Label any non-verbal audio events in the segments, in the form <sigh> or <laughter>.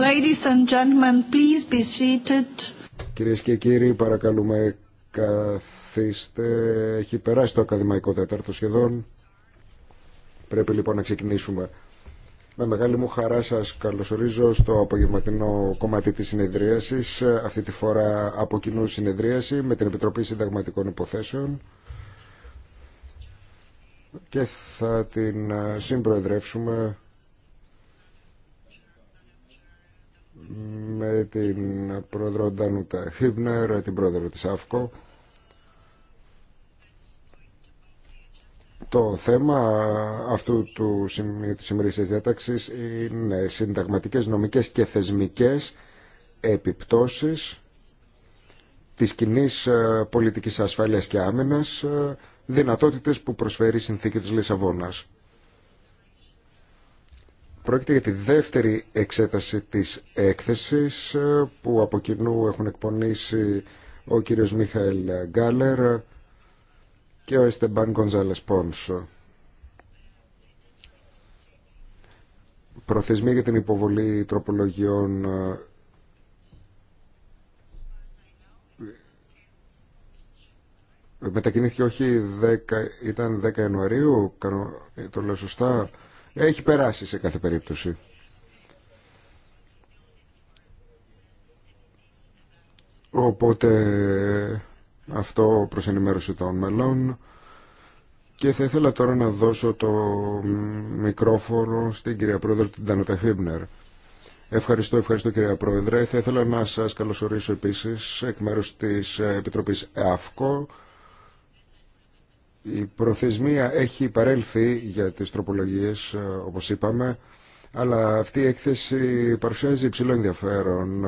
Ladies and Κυρίες και κύριοι, παρακαλούμε καθίστε. Έχει περάσει το ακαδημαϊκό τέταρτο σχεδόν. Πρέπει λοιπόν να ξεκινήσουμε. Με μεγάλη μου χαρά σας καλωσορίζω στο απογευματινό κομμάτι της συνεδρίασης, αυτή τη φορά από κοινού συνεδρίαση με την Επιτροπή Συνταγματικών Υποθέσεων και θα την συμπροεδρεύσουμε με την πρόεδρο Ντανούτα Χίμπνερ, την πρόεδρο της ΑΦΚΟ. Το θέμα αυτού του της διάταξης είναι συνταγματικές, νομικές και θεσμικές επιπτώσεις της κοινή ε, πολιτικής ασφάλειας και άμυνας, ε, δυνατότητες που προσφέρει η συνθήκη της Λισαβόνας. Πρόκειται για τη δεύτερη εξέταση της έκθεσης ε, που από κοινού έχουν εκπονήσει ο κύριος Μιχαήλ Γκάλερ και ο Εστεμπάν Γκονζάλες Πόνσο. Προθεσμία για την υποβολή τροπολογιών ε, μετακινήθηκε όχι 10, ήταν 10 Ιανουαρίου, ε, το λέω σωστά έχει περάσει σε κάθε περίπτωση. Οπότε αυτό προς ενημέρωση των μελών και θα ήθελα τώρα να δώσω το μικρόφωνο στην κυρία Πρόεδρε την Τανούτα Χίμπνερ. Ευχαριστώ, ευχαριστώ κυρία Πρόεδρε. Θα ήθελα να σας καλωσορίσω επίσης εκ μέρους της Επιτροπής ΑΦΚΟ η προθεσμία έχει παρέλθει για τις τροπολογίες, ε, όπως είπαμε, αλλά αυτή η έκθεση παρουσιάζει υψηλό ενδιαφέρον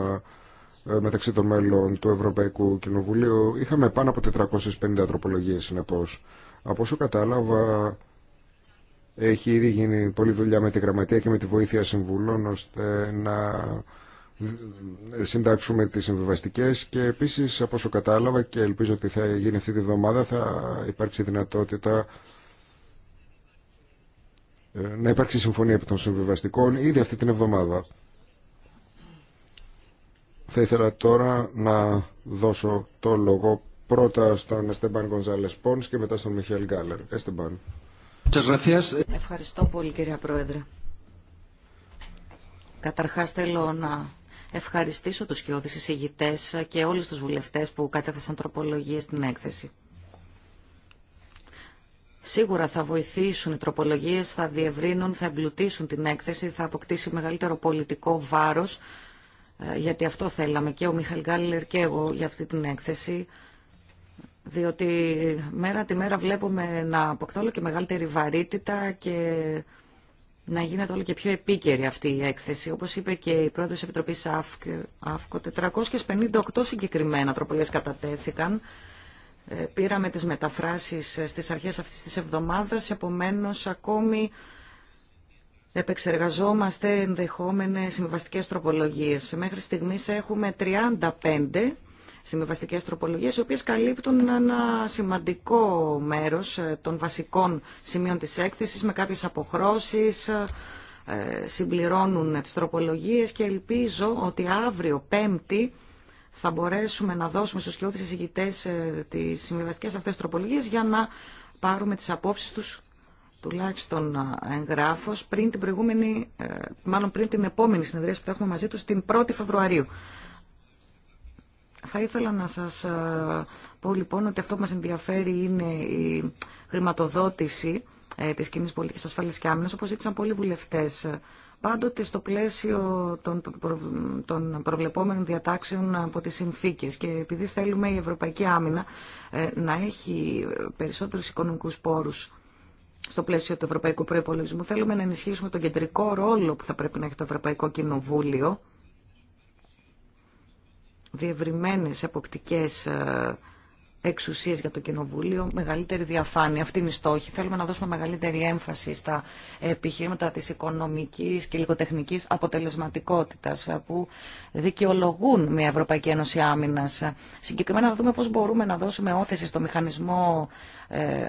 ε, μεταξύ των μέλων του Ευρωπαϊκού Κοινοβουλίου. Είχαμε πάνω από 450 τροπολογίες, συνεπώς. Από όσο κατάλαβα, έχει ήδη γίνει πολλή δουλειά με τη γραμματεία και με τη βοήθεια συμβουλών, ώστε να συντάξουμε τις συμβιβαστικέ και επίσης από όσο κατάλαβα και ελπίζω ότι θα γίνει αυτή τη βδομάδα θα υπάρξει δυνατότητα ε, να υπάρξει συμφωνία επί των συμβιβαστικών ήδη αυτή την εβδομάδα. Θα ήθελα τώρα να δώσω το λόγο πρώτα στον Εστεμπάν Γκονζάλες Πόνς και μετά στον Μιχαήλ Γκάλερ. Εστεμπάν. Ευχαριστώ πολύ κυρία Πρόεδρε. Καταρχάς θέλω να ευχαριστήσω τους κοιόδης εισηγητές και όλους τους βουλευτές που κατέθεσαν τροπολογίες στην έκθεση. Σίγουρα θα βοηθήσουν οι τροπολογίες, θα διευρύνουν, θα εμπλουτίσουν την έκθεση, θα αποκτήσει μεγαλύτερο πολιτικό βάρος, ε, γιατί αυτό θέλαμε και ο Μιχαλ Γκάλλερ και εγώ για αυτή την έκθεση, διότι μέρα τη μέρα βλέπουμε να αποκτώλω και μεγαλύτερη βαρύτητα και να γίνεται όλο και πιο επίκαιρη αυτή η έκθεση. Όπως είπε και η πρόεδρος τη Επιτροπής ΑΦΚΟ, 458 συγκεκριμένα τροπολίες κατατέθηκαν. Ε, πήραμε τις μεταφράσεις ε, στις αρχές αυτής της εβδομάδα. Επομένω, ακόμη επεξεργαζόμαστε ενδεχόμενε συμβαστικέ τροπολογίες. Μέχρι στιγμής έχουμε 35 συμβιβαστικέ τροπολογίε, οι οποίε καλύπτουν ένα σημαντικό μέρο ε, των βασικών σημείων τη έκθεση με κάποιε αποχρώσει ε, ε, συμπληρώνουν τις τροπολογίες και ελπίζω ότι αύριο, Πέμπτη, θα μπορέσουμε να δώσουμε στους κοιότητες εισηγητές τις συμβιβαστικές αυτές τροπολογίες για να πάρουμε τις απόψεις τους τουλάχιστον εγγράφος πριν την προηγούμενη, μάλλον πριν την επόμενη συνεδρία που θα έχουμε μαζί τους την 1η Φεβρουαρίου. Θα ήθελα να σας ε, πω λοιπόν ότι αυτό που μας ενδιαφέρει είναι η χρηματοδότηση ε, της κοινή πολιτικής ασφάλειας και άμυνας, όπως ζήτησαν πολλοί βουλευτές. Πάντοτε στο πλαίσιο των προβλεπόμενων διατάξεων από τις συνθήκες και επειδή θέλουμε η Ευρωπαϊκή Άμυνα ε, να έχει περισσότερους οικονομικούς πόρους στο πλαίσιο του Ευρωπαϊκού Προϋπολογισμού, θέλουμε να ενισχύσουμε τον κεντρικό ρόλο που θα πρέπει να έχει το Ευρωπαϊκό Κοινοβούλιο διευρυμένες εποπτικές ε, εξουσίες για το Κοινοβούλιο, μεγαλύτερη διαφάνεια. Αυτή είναι η στόχη. Θέλουμε να δώσουμε μεγαλύτερη έμφαση στα επιχείρηματα της οικονομικής και λιγοτεχνικής αποτελεσματικότητας ε, που δικαιολογούν μια Ευρωπαϊκή Ένωση Άμυνας. Συγκεκριμένα θα δούμε πώς μπορούμε να δώσουμε όθεση στο μηχανισμό ε,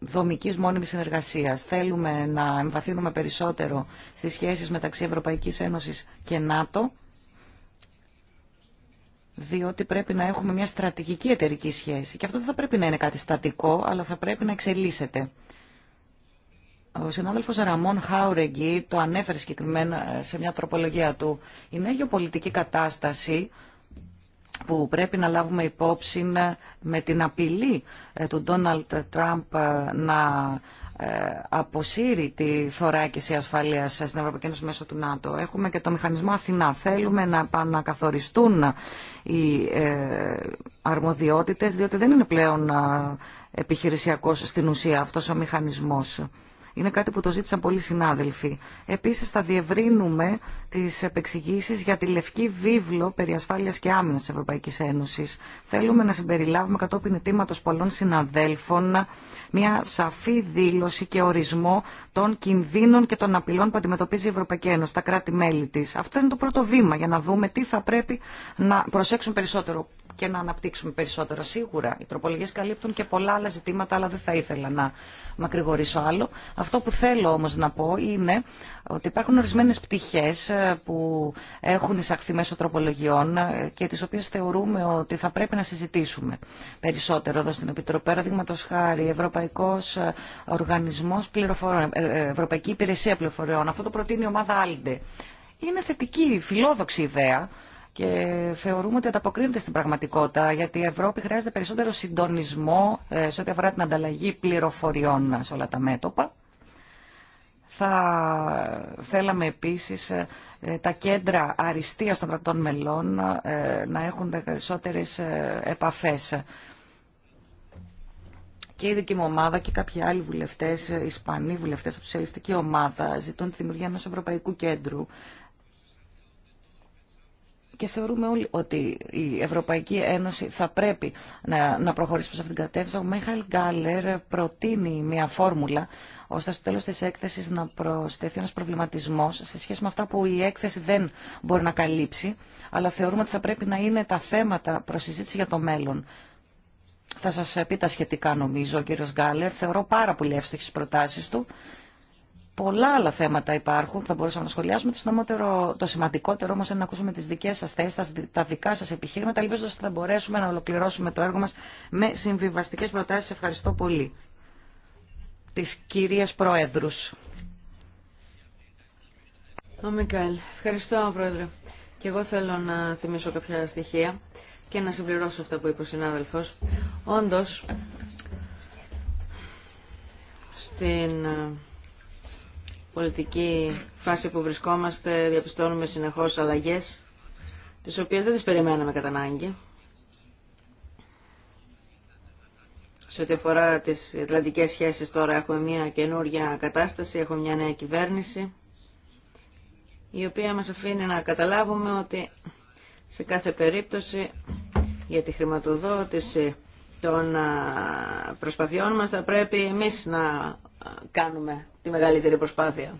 δομικής μόνιμης συνεργασίας. Θέλουμε να εμβαθύνουμε περισσότερο στις σχέσεις μεταξύ Ευρωπαϊκής Ένωσης και ΝΑΤΟ διότι πρέπει να έχουμε μια στρατηγική εταιρική σχέση. Και αυτό δεν θα πρέπει να είναι κάτι στατικό, αλλά θα πρέπει να εξελίσσεται. Ο συνάδελφος Ραμόν Χάουρεγγι το ανέφερε συγκεκριμένα ε, σε μια τροπολογία του. Η νέα γεωπολιτική κατάσταση που πρέπει να λάβουμε υπόψη με την απειλή ε, του Ντόναλτ Τραμπ ε, να ε, αποσύρει τη θωράκιση ασφαλείας στην Ευρωπαϊκή Ένωση μέσω του ΝΑΤΟ. Έχουμε και το μηχανισμό Αθηνά. Θέλουμε να επανακαθοριστούν οι αρμοδιότητες, διότι δεν είναι πλέον επιχειρησιακός στην ουσία αυτός ο μηχανισμός. Είναι κάτι που το ζήτησαν πολλοί συνάδελφοι. Επίσης θα διευρύνουμε τις επεξηγήσεις για τη λευκή βίβλο περί ασφάλειας και άμυνας της Ευρωπαϊκής Ένωσης. Θέλουμε να συμπεριλάβουμε κατόπιν ετήματος πολλών συναδέλφων μια σαφή δήλωση και ορισμό των κινδύνων και των απειλών που αντιμετωπίζει η Ευρωπαϊκή Ένωση, τα κράτη-μέλη της. Αυτό είναι το πρώτο βήμα για να δούμε τι θα πρέπει να προσέξουν περισσότερο και να αναπτύξουμε περισσότερο. Σίγουρα οι τροπολογίε καλύπτουν και πολλά άλλα ζητήματα, αλλά δεν θα ήθελα να μακρηγορήσω άλλο. Αυτό που θέλω όμως να πω είναι ότι υπάρχουν ορισμένες πτυχές ε, που έχουν εισαχθεί μέσω τροπολογιών ε, και τις οποίες θεωρούμε ότι θα πρέπει να συζητήσουμε περισσότερο εδώ στην Επιτροπή. Παραδείγματο χάρη, Ευρωπαϊκός ε, Οργανισμός Πληροφοριών, Ευρωπαϊκή Υπηρεσία Πληροφοριών. Αυτό το προτείνει η ομάδα Άλντε. Είναι θετική, φιλόδοξη ιδέα και θεωρούμε ότι ανταποκρίνεται στην πραγματικότητα, γιατί η Ευρώπη χρειάζεται περισσότερο συντονισμό σε ό,τι αφορά την ανταλλαγή πληροφοριών σε όλα τα μέτωπα. Θα θέλαμε επίσης ε, τα κέντρα αριστείας των κρατών μελών ε, να έχουν περισσότερες ε, επαφές. Και η δική μου ομάδα και κάποιοι άλλοι βουλευτές, Ισπανοί βουλευτές από τη σοσιαλιστική ομάδα, ζητούν τη δημιουργία ενός Ευρωπαϊκού Κέντρου. Και θεωρούμε όλοι ότι η Ευρωπαϊκή Ένωση θα πρέπει να, να προχωρήσει προς αυτήν την κατεύθυνση. Ο Μέχαλ Γκάλερ προτείνει μια φόρμουλα ώστε στο τέλο τη έκθεση να προσθεθεί ένα προβληματισμό σε σχέση με αυτά που η έκθεση δεν μπορεί να καλύψει, αλλά θεωρούμε ότι θα πρέπει να είναι τα θέματα προ συζήτηση για το μέλλον. Θα σα πει τα σχετικά νομίζω ο κύριο Γκάλερ. Θεωρώ πάρα πολύ τι προτάσει του. Πολλά άλλα θέματα υπάρχουν που θα μπορούσαμε να σχολιάσουμε. Το, το σημαντικότερο όμω είναι να ακούσουμε τι δικέ σα θέσει, τα δικά σα επιχείρηματα, ελπίζοντα ότι θα μπορέσουμε να ολοκληρώσουμε το έργο μα με συμβιβαστικέ προτάσει. Ευχαριστώ πολύ της κυρίας Προέδρους. Ο ευχαριστώ Πρόεδρε. Και εγώ θέλω να θυμίσω κάποια στοιχεία και να συμπληρώσω αυτά που είπε ο συνάδελφος. Όντως, στην ε, πολιτική φάση που βρισκόμαστε διαπιστώνουμε συνεχώς αλλαγές τις οποίες δεν τις περιμέναμε κατά ανάγκη σε ό,τι αφορά τι ατλαντικές σχέσει, τώρα έχουμε μια καινούργια κατάσταση, έχουμε μια νέα κυβέρνηση η οποία μας αφήνει να καταλάβουμε ότι σε κάθε περίπτωση για τη χρηματοδότηση των προσπαθειών μας θα πρέπει εμείς να κάνουμε τη μεγαλύτερη προσπάθεια.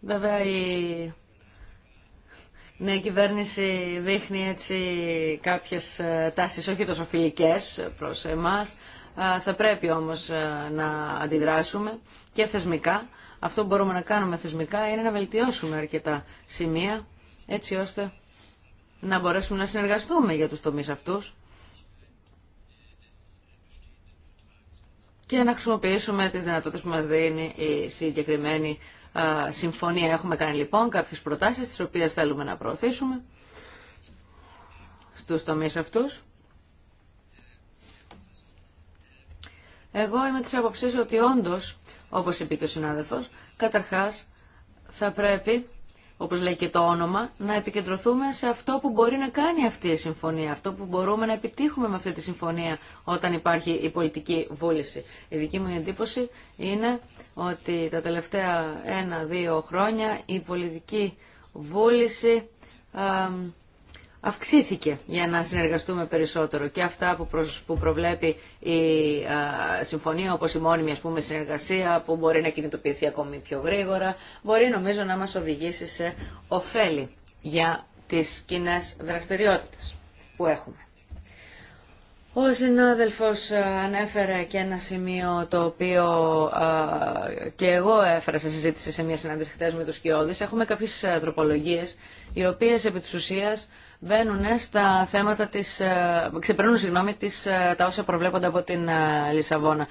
Βέβαια η ναι, η κυβέρνηση δείχνει έτσι κάποιες ε, τάσεις όχι τόσο φιλικές προς εμάς. Θα πρέπει όμως ε, να αντιδράσουμε και θεσμικά. Αυτό που μπορούμε να κάνουμε θεσμικά είναι να βελτιώσουμε αρκετά σημεία έτσι ώστε να μπορέσουμε να συνεργαστούμε για τους τομείς αυτούς και να χρησιμοποιήσουμε τις δυνατότητες που μας δίνει η συγκεκριμένη συμφωνία έχουμε κάνει λοιπόν, κάποιες προτάσεις τις οποίες θέλουμε να προωθήσουμε στους τομείς αυτούς. Εγώ είμαι της άποψης ότι όντως, όπως είπε και ο συνάδελφος, καταρχάς θα πρέπει όπως λέει και το όνομα, να επικεντρωθούμε σε αυτό που μπορεί να κάνει αυτή η συμφωνία, αυτό που μπορούμε να επιτύχουμε με αυτή τη συμφωνία όταν υπάρχει η πολιτική βούληση. Η δική μου εντύπωση είναι ότι τα τελευταία ένα-δύο χρόνια η πολιτική βούληση αυξήθηκε για να συνεργαστούμε περισσότερο και αυτά που, προς, που προβλέπει η συμφωνία όπως η μόνιμη ας πούμε, συνεργασία που μπορεί να κινητοποιηθεί ακόμη πιο γρήγορα μπορεί νομίζω να μας οδηγήσει σε ωφέλη για τις κοινέ δραστηριότητες που έχουμε. Ο συνάδελφος ε, ανέφερε και ένα σημείο το οποίο ε, και εγώ έφερα σε συζήτηση σε μια συνάντηση με τους Κιώδης. Έχουμε κάποιες ε, τροπολογίες οι οποίες επί της ουσίας στα θέματα της, ξεπερνούν συγγνώμη, της, τα όσα προβλέπονται από την Λισαβόνα.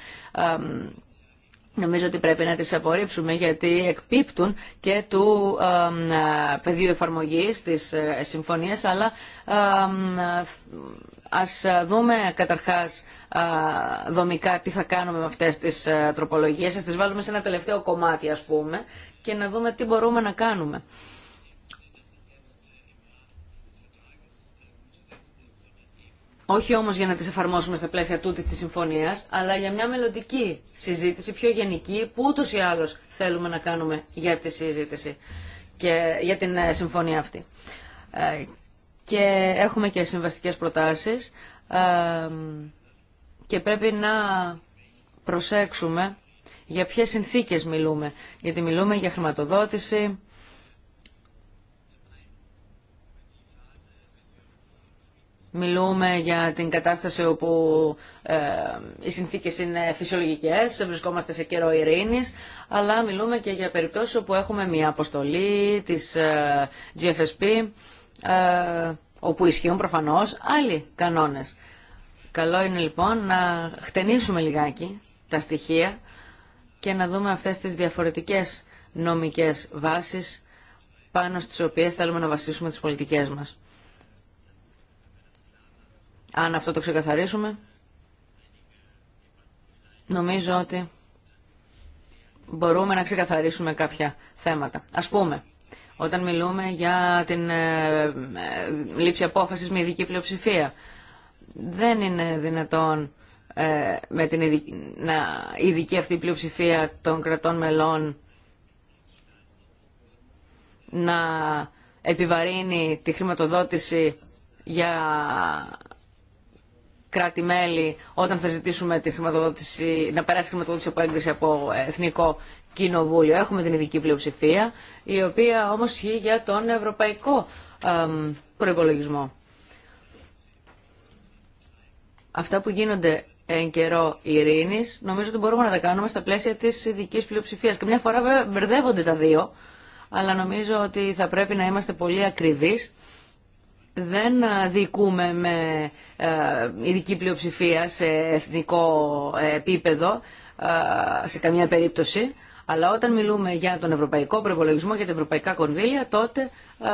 Νομίζω ότι πρέπει να τις απορρίψουμε γιατί εκπίπτουν και του πεδίου εφαρμογής της συμφωνίας αλλά Ας ε, δούμε καταρχάς δομικά τι θα κάνουμε με αυτές τις ε, τροπολογίες. Ας τις βάλουμε σε ένα τελευταίο κομμάτι ας πούμε και να δούμε τι μπορούμε να κάνουμε. Όχι όμως για να τις εφαρμόσουμε στα πλαίσια τούτης της συμφωνίας, αλλά για μια μελλοντική συζήτηση πιο γενική που ούτως ή άλλως θέλουμε να κάνουμε για τη συζήτηση και για την ε, συμφωνία αυτή και έχουμε και συμβαστικές προτάσεις και πρέπει να προσέξουμε για ποιες συνθήκες μιλούμε. Γιατί μιλούμε για χρηματοδότηση, Μιλούμε για την κατάσταση όπου οι συνθήκες είναι φυσιολογικές, βρισκόμαστε σε καιρό ειρήνης, αλλά μιλούμε και για περιπτώσεις όπου έχουμε μια αποστολή της ε, GFSP ε, όπου ισχύουν προφανώς άλλοι κανόνες. Καλό είναι λοιπόν να χτενίσουμε λιγάκι τα στοιχεία και να δούμε αυτές τις διαφορετικές νομικές βάσεις πάνω στις οποίες θέλουμε να βασίσουμε τις πολιτικές μας. Αν αυτό το ξεκαθαρίσουμε, νομίζω ότι μπορούμε να ξεκαθαρίσουμε κάποια θέματα. Ας πούμε, όταν μιλούμε για την ε, ε, λήψη απόφασης με ειδική πλειοψηφία. Δεν είναι δυνατόν ε, με την ειδική, να, αυτή η πλειοψηφία των κρατών μελών να επιβαρύνει τη χρηματοδότηση για κράτη-μέλη όταν θα ζητήσουμε τη χρηματοδότηση, να περάσει χρηματοδότηση από έγκριση από εθνικό Κοινοβούλιο. Έχουμε την ειδική πλειοψηφία, η οποία όμως ισχύει για τον ευρωπαϊκό προϋπολογισμό. Αυτά που γίνονται εν καιρό ειρήνη, νομίζω ότι μπορούμε να τα κάνουμε στα πλαίσια της ειδική πλειοψηφία. Και μια φορά βέβαια μπερδεύονται τα δύο, αλλά νομίζω ότι θα πρέπει να είμαστε πολύ ακριβεί. δεν ε, δικούμε με ε, ειδική πλειοψηφία σε εθνικό ε, επίπεδο σε καμία περίπτωση. Αλλά όταν μιλούμε για τον ευρωπαϊκό προπολογισμό, και τα ευρωπαϊκά κονδύλια, τότε α,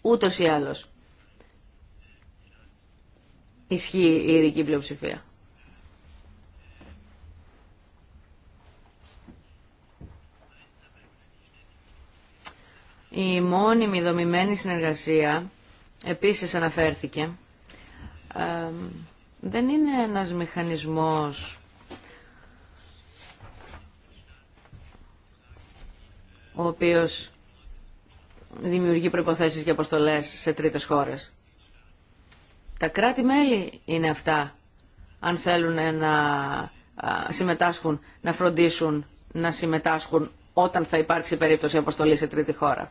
ούτως ή άλλως ισχύει η ειδική πλειοψηφία. Η μόνιμη δομημένη συνεργασία επίσης αναφέρθηκε. δεν είναι ένας μηχανισμός ο οποίος δημιουργεί προϋποθέσεις για αποστολές σε τρίτες χώρες. Τα κράτη-μέλη είναι αυτά, αν θέλουν να συμμετάσχουν, να φροντίσουν να συμμετάσχουν όταν θα υπάρξει περίπτωση αποστολή σε τρίτη χώρα.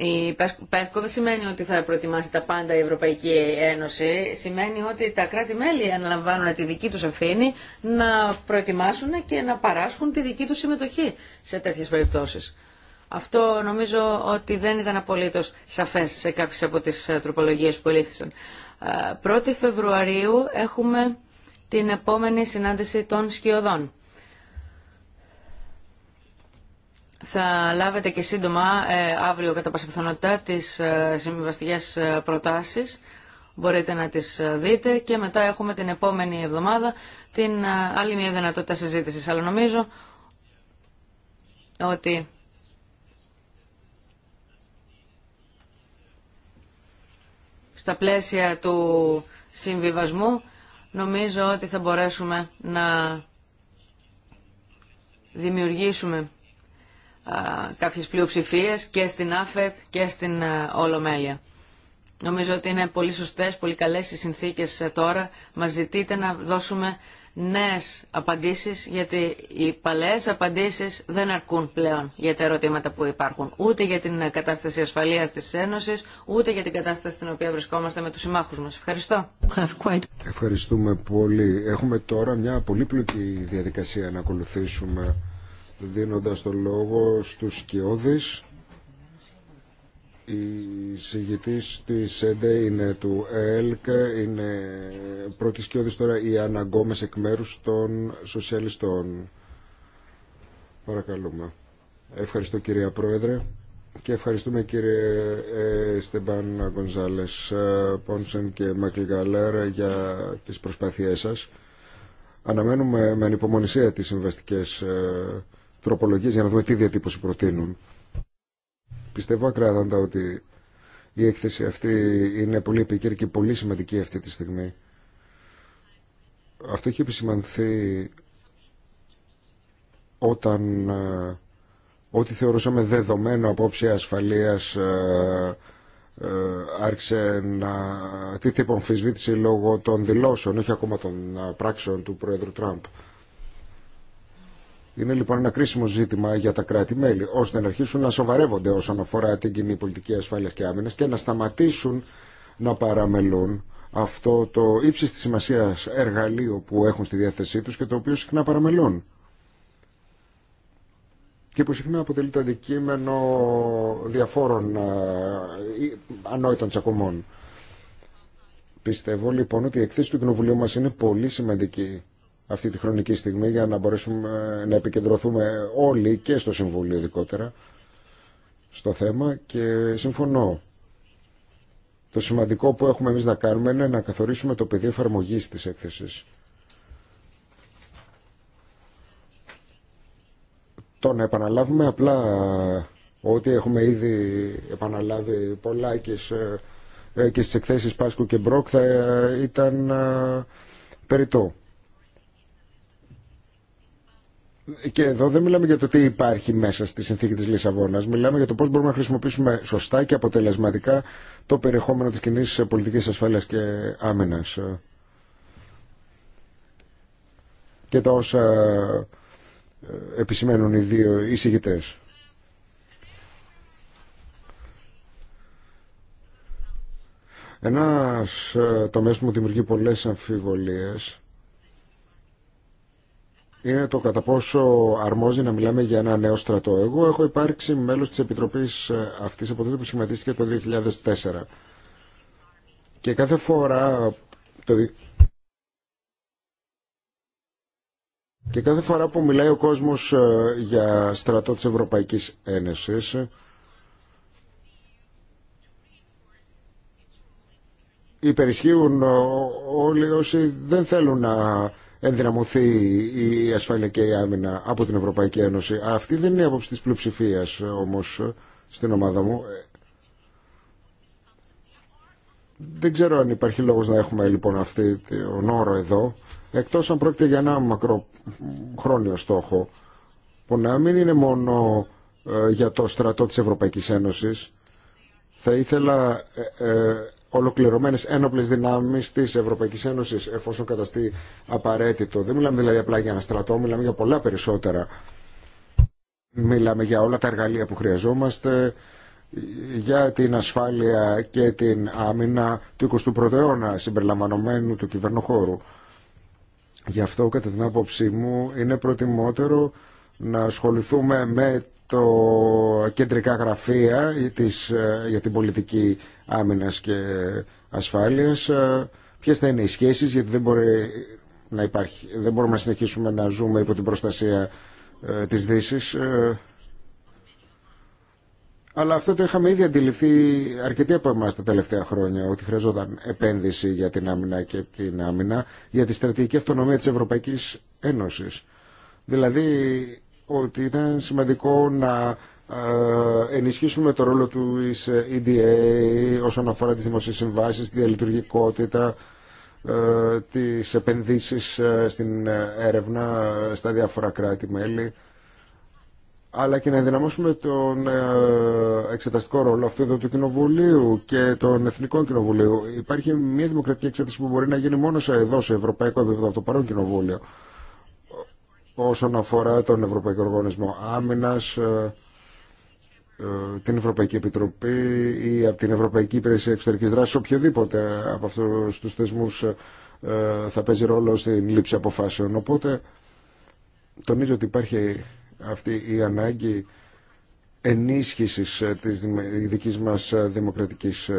Η ΠΕΣΚΟ δεν σημαίνει ότι θα προετοιμάσει τα πάντα η Ευρωπαϊκή Ένωση. Σημαίνει ότι τα κράτη-μέλη αναλαμβάνουν τη δική τους ευθύνη να προετοιμάσουν και να παράσχουν τη δική τους συμμετοχή σε τέτοιες περιπτώσει. Αυτό νομίζω ότι δεν ήταν απολύτω σαφές σε κάποιε από τις ε, τροπολογίε που ελήφθησαν. 1η ε, Φεβρουαρίου έχουμε την επόμενη συνάντηση των σκιωδών. Θα λάβετε και σύντομα ε, αύριο κατά πάσα πιθανότητα τις ε, συμβιβαστικές ε, προτάσεις. Μπορείτε να τις δείτε και μετά έχουμε την επόμενη εβδομάδα την άλλη μια δυνατότητα συζήτησης. Αλλά νομίζω ότι στα πλαίσια του συμβιβασμού νομίζω ότι θα μπορέσουμε να δημιουργήσουμε κάποιες πλειοψηφίες και στην ΑΦΕΤ και στην Ολομέλεια. Νομίζω ότι είναι πολύ σωστές, πολύ καλές οι συνθήκες ε, τώρα. Μα ζητείτε να δώσουμε νέες απαντήσεις, γιατί οι παλαιές απαντήσεις δεν αρκούν πλέον για τα ερωτήματα που υπάρχουν. Ούτε για την ε, κατάσταση ασφαλείας της Ένωσης, ούτε για την κατάσταση στην οποία βρισκόμαστε με τους συμμάχους μας. Ευχαριστώ. Ευχαριστούμε πολύ. Έχουμε τώρα μια πολύπλοκη διαδικασία να ακολουθήσουμε δίνοντας το λόγο στους Σκιώδης. Η συγητής της ΕΝΤΕ είναι του ΕΛΚ, είναι πρώτη Σκιώδης τώρα η Άννα εκ μέρους των Σοσιαλιστών. Παρακαλούμε. Ευχαριστώ κυρία Πρόεδρε και ευχαριστούμε κύριε ε, Στεμπάν Γκονζάλες ε, Πόνσεν και Μακλ για τις προσπάθειές σας. Αναμένουμε με ανυπομονησία τις συμβαστικές ε, τροπολογίες για να δούμε τι διατύπωση προτείνουν. Πιστεύω ακράδαντα ότι η έκθεση αυτή είναι πολύ επίκαιρη και πολύ σημαντική αυτή τη στιγμή. Αυτό έχει επισημανθεί όταν ε, ό,τι θεωρούσαμε δεδομένο απόψη ασφαλείας ε, ε, άρχισε να τίθεται υπομφισβήτηση λόγω των δηλώσεων, όχι ακόμα των πράξεων του Πρόεδρου Τραμπ. Είναι λοιπόν ένα κρίσιμο ζήτημα για τα κράτη-μέλη, ώστε να αρχίσουν να σοβαρεύονται όσον αφορά την κοινή πολιτική ασφάλεια και άμυνα και να σταματήσουν να παραμελούν αυτό το ύψιστη τη σημασία εργαλείο που έχουν στη διάθεσή του και το οποίο συχνά παραμελούν. Και που συχνά αποτελεί το αντικείμενο διαφόρων ανόητων τσακωμών. Πιστεύω λοιπόν ότι η εκθέση του Κοινοβουλίου μα είναι πολύ σημαντική αυτή τη χρονική στιγμή για να μπορέσουμε να επικεντρωθούμε όλοι και στο Συμβούλιο ειδικότερα στο θέμα και συμφωνώ. Το σημαντικό που έχουμε εμείς να κάνουμε είναι να καθορίσουμε το πεδίο εφαρμογή της έκθεσης. Το να επαναλάβουμε απλά ότι έχουμε ήδη επαναλάβει πολλά και, σε, ε, και στις εκθέσεις Πάσκου και Μπρόκ θα ήταν ε, περιττό. Και εδώ δεν μιλάμε για το τι υπάρχει μέσα στη συνθήκη της Λισαβόνας. Μιλάμε για το πώς μπορούμε να χρησιμοποιήσουμε σωστά και αποτελεσματικά το περιεχόμενο της κοινή πολιτικής ασφάλειας και άμυνας. Και τα όσα ε, επισημαίνουν οι δύο εισηγητές. Ένας ε, τομέας που μου δημιουργεί πολλές αμφιβολίες είναι το κατά πόσο αρμόζει να μιλάμε για ένα νέο στρατό. Εγώ έχω υπάρξει μέλος της Επιτροπής ε, αυτής από τότε που σχηματίστηκε το 2004. Και κάθε φορά... Το... Και κάθε φορά που μιλάει ο κόσμος ε, για στρατό της Ευρωπαϊκής Ένωσης, υπερισχύουν ε, όλοι όσοι δεν θέλουν να ενδυναμωθεί η ασφάλεια και η άμυνα από την Ευρωπαϊκή Ένωση. Αυτή δεν είναι η άποψη της πλειοψηφίας όμως στην ομάδα μου. Δεν ξέρω αν υπάρχει λόγος να έχουμε λοιπόν αυτή τον όρο εδώ, εκτός αν πρόκειται για ένα μακροχρόνιο στόχο, που να μην είναι μόνο ε, για το στρατό της Ευρωπαϊκής Ένωσης. Θα ήθελα ε, ε, ολοκληρωμένες ένοπλες δυνάμεις της Ευρωπαϊκής Ένωσης εφόσον καταστεί απαραίτητο. Δεν μιλάμε δηλαδή απλά για ένα στρατό, μιλάμε για πολλά περισσότερα. Μιλάμε για όλα τα εργαλεία που χρειαζόμαστε, για την ασφάλεια και την άμυνα του 21ου αιώνα συμπεριλαμβανομένου του κυβερνοχώρου. Γι' αυτό κατά την άποψή μου είναι προτιμότερο να ασχοληθούμε με το κεντρικά γραφεία της, ε, για την πολιτική άμυνας και ασφάλειας. Ε, ποιες θα είναι οι σχέσεις, γιατί δεν, μπορεί να υπάρχει, δεν μπορούμε να συνεχίσουμε να ζούμε υπό την προστασία ε, της Δύσης. Αλλά αυτό το είχαμε ήδη αντιληφθεί αρκετοί από εμά τα τελευταία χρόνια, ότι χρειαζόταν επένδυση για την άμυνα και την άμυνα για τη στρατηγική αυτονομία της Ευρωπαϊκής Ένωσης. Δηλαδή ότι ήταν σημαντικό να ε, ενισχύσουμε το ρόλο του EDA ε, όσον αφορά τις δημοσίες συμβάσεις, τη διαλειτουργικότητα, ε, τις επενδύσεις στην έρευνα στα διάφορα κράτη-μέλη αλλά και να ενδυναμώσουμε τον εξεταστικό ρόλο αυτού εδώ του Κοινοβουλίου και των Εθνικών Κοινοβουλίων. Υπάρχει μια δημοκρατική εξέταση που μπορεί να γίνει μόνο εδώ, σε ευρωπαϊκό επίπεδο, από το παρόν Κοινοβούλιο όσον αφορά τον Ευρωπαϊκό Οργανισμό Άμυνας, ε, ε, την Ευρωπαϊκή Επιτροπή ή από την Ευρωπαϊκή Υπηρεσία Εξωτερικής Δράσης, οποιοδήποτε από αυτούς τους θεσμούς ε, θα παίζει ρόλο στην λήψη αποφάσεων. Οπότε τονίζω ότι υπάρχει αυτή η ανάγκη ενίσχυσης της δικής μας δημοκρατικής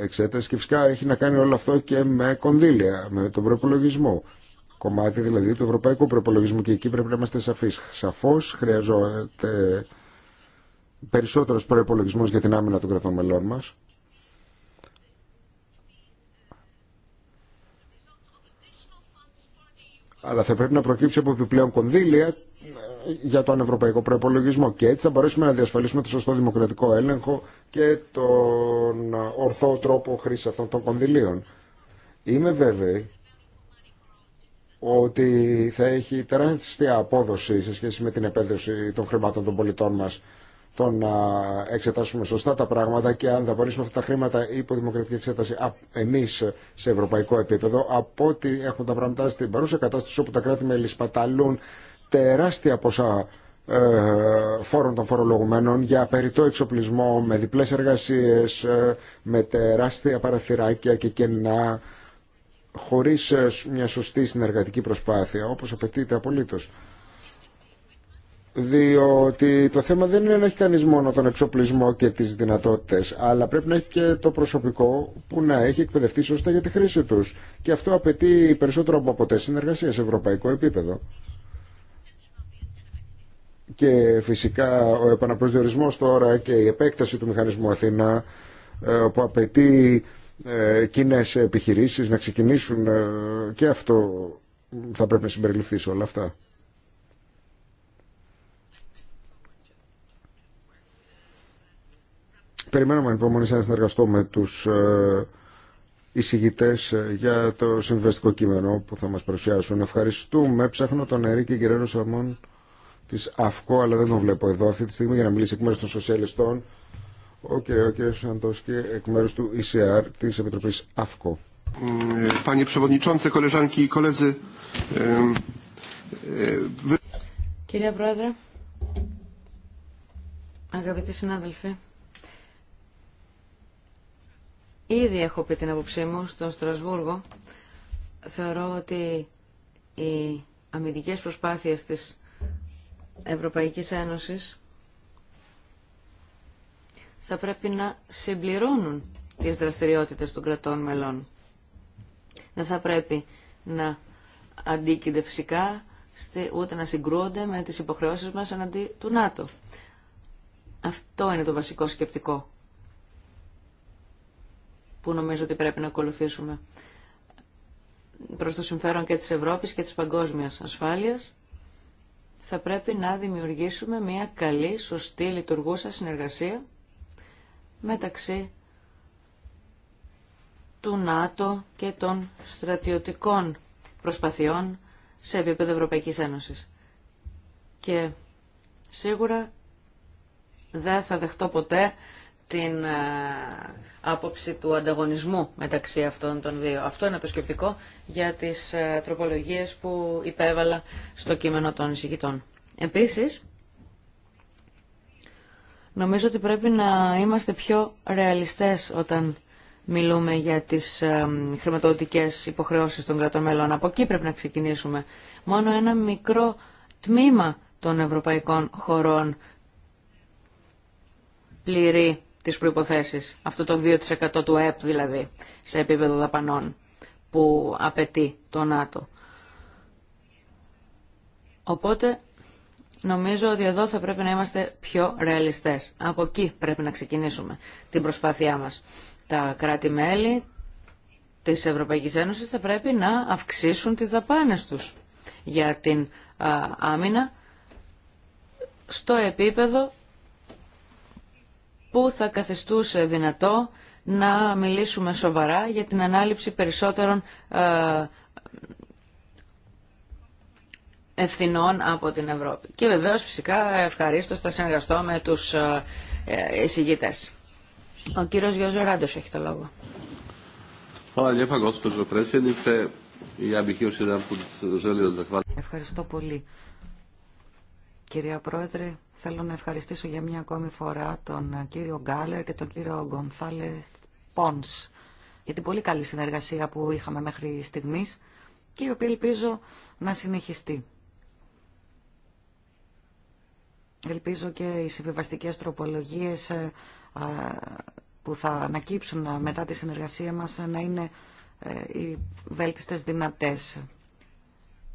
εξέτασης και φυσικά έχει να κάνει όλο αυτό και με κονδύλια, με τον προπολογισμό κομμάτι δηλαδή του ευρωπαϊκού προπολογισμού και εκεί πρέπει να είμαστε σαφεί. Σαφώ χρειαζόταν περισσότερο προπολογισμό για την άμυνα των κρατών μελών μας. Αλλά θα πρέπει να προκύψει από επιπλέον κονδύλια ε, για τον ευρωπαϊκό προπολογισμό και έτσι θα μπορέσουμε να διασφαλίσουμε το σωστό δημοκρατικό έλεγχο και τον ε, ορθό τρόπο χρήση αυτών των κονδυλίων. Είμαι βέβαιη ότι θα έχει τεράστια απόδοση σε σχέση με την επένδυση των χρημάτων των πολιτών μας το να εξετάσουμε σωστά τα πράγματα και αν δαπανίσουμε αυτά τα χρήματα υπό δημοκρατική εξέταση εμεί σε ευρωπαϊκό επίπεδο, από ό,τι έχουν τα πράγματα στην παρούσα κατάσταση όπου τα κράτη-μέλη σπαταλούν τεράστια ποσά ε, φόρων των φορολογουμένων για περιττό εξοπλισμό με διπλές εργασίες, ε, με τεράστια παραθυράκια και κενά χωρίς ε, μια σωστή συνεργατική προσπάθεια, όπως απαιτείται απολύτως. Διότι το θέμα δεν είναι να έχει κανείς μόνο τον εξοπλισμό και τις δυνατότητες, αλλά πρέπει να έχει και το προσωπικό που να έχει εκπαιδευτεί σωστά για τη χρήση τους. Και αυτό απαιτεί περισσότερο από ποτέ συνεργασία σε ευρωπαϊκό επίπεδο. Και φυσικά ο επαναπροσδιορισμός τώρα και η επέκταση του μηχανισμού Αθήνα ε, που απαιτεί ε, κοινέ επιχειρήσεις να ξεκινήσουν ε, και αυτό θα πρέπει να συμπεριληφθεί σε όλα αυτά. Περιμένουμε υπόμονη λοιπόν, να συνεργαστώ με τους ε, εισηγητέ για το συμβεστικό κείμενο που θα μας παρουσιάσουν. Ευχαριστούμε. Ψάχνω τον Ερή και κυρία Σαμών της ΑΦΚΟ, αλλά δεν τον βλέπω εδώ αυτή τη στιγμή για να μιλήσει εκ μέρους των σοσιαλιστών. Ο κ. ο κύριος εκ μέρους του ECR της Επιτροπής ΑΦΚΟ. Panie Przewodniczący, koleżanki i koledzy. Κύριε Πρόεδρε, αγαπητοί συνάδελφοι, ήδη έχω πει την άποψή μου στο Στρασβούργο. Θεωρώ ότι οι αμυντικές προσπάθειες της Ευρωπαϊκής Ένωσης θα πρέπει να συμπληρώνουν τις δραστηριότητες των κρατών μελών. Δεν θα πρέπει να αντίκειται φυσικά ούτε να συγκρούονται με τις υποχρεώσεις μας εναντί του ΝΑΤΟ. Αυτό είναι το βασικό σκεπτικό που νομίζω ότι πρέπει να ακολουθήσουμε προς το συμφέρον και της Ευρώπης και της παγκόσμιας ασφάλειας θα πρέπει να δημιουργήσουμε μια καλή, σωστή, λειτουργούσα συνεργασία μεταξύ του ΝΑΤΟ και των στρατιωτικών προσπαθειών σε επίπεδο Ευρωπαϊκής Ένωσης. Και σίγουρα δεν θα δεχτώ ποτέ την ε, άποψη του ανταγωνισμού μεταξύ αυτών των δύο. Αυτό είναι το σκεπτικό για τις ε, τροπολογίες που υπέβαλα στο κείμενο των εισηγητών. Επίσης, Νομίζω ότι πρέπει να είμαστε πιο ρεαλιστές όταν μιλούμε για τις χρηματοδοτικές υποχρεώσεις των κρατών μέλων. Από εκεί πρέπει να ξεκινήσουμε. Μόνο ένα μικρό τμήμα των ευρωπαϊκών χωρών πληρεί τις προϋποθέσεις. Αυτό το 2% του ΕΠ δηλαδή, σε επίπεδο δαπανών που απαιτεί το ΝΑΤΟ. Οπότε Νομίζω ότι εδώ θα πρέπει να είμαστε πιο ρεαλιστές. Από εκεί πρέπει να ξεκινήσουμε την προσπάθειά μας. Τα κράτη-μέλη της Ευρωπαϊκής Ένωσης θα πρέπει να αυξήσουν τις δαπάνες τους για την άμυνα στο επίπεδο που θα καθιστούσε δυνατό να μιλήσουμε σοβαρά για την ανάληψη περισσότερων ευθυνών από την Ευρώπη. Και βεβαίως φυσικά ευχαρίστω θα συνεργαστώ με τους ε, εισηγητές. Ο κύριος Γιώργος Ράντος έχει το λόγο. Ευχαριστώ πολύ. Κυρία Πρόεδρε, θέλω να ευχαριστήσω για μια ακόμη φορά τον ε, κύριο Γκάλερ και τον κύριο Γκονθάλεθ Πόνς για την πολύ καλή συνεργασία που είχαμε μέχρι στιγμής και η οποία ελπίζω να συνεχιστεί. Ελπίζω και οι συμβιβαστικέ τροπολογίες ε, που θα ανακύψουν μετά τη συνεργασία μας να είναι ε, οι βέλτιστες δυνατές.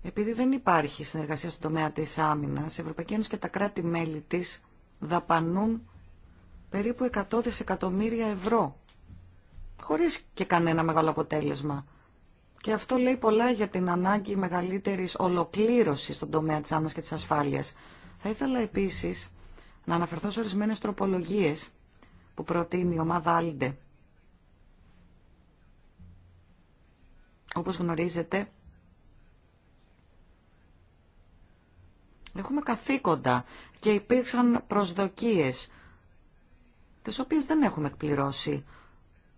Επειδή δεν υπάρχει συνεργασία στον τομέα της άμυνας, η Ευρωπαϊκή Ένωση και τα κράτη-μέλη της δαπανούν περίπου 100 δισεκατομμύρια ευρώ, χωρίς και κανένα μεγάλο αποτέλεσμα. Και αυτό λέει πολλά για την ανάγκη μεγαλύτερης ολοκλήρωσης στον τομέα της άμυνας και της ασφάλειας. Θα ήθελα επίσης να αναφερθώ σε ορισμένες τροπολογίες που προτείνει η ομάδα Άλντε. Όπως γνωρίζετε, έχουμε καθήκοντα και υπήρξαν προσδοκίες, τις οποίες δεν έχουμε εκπληρώσει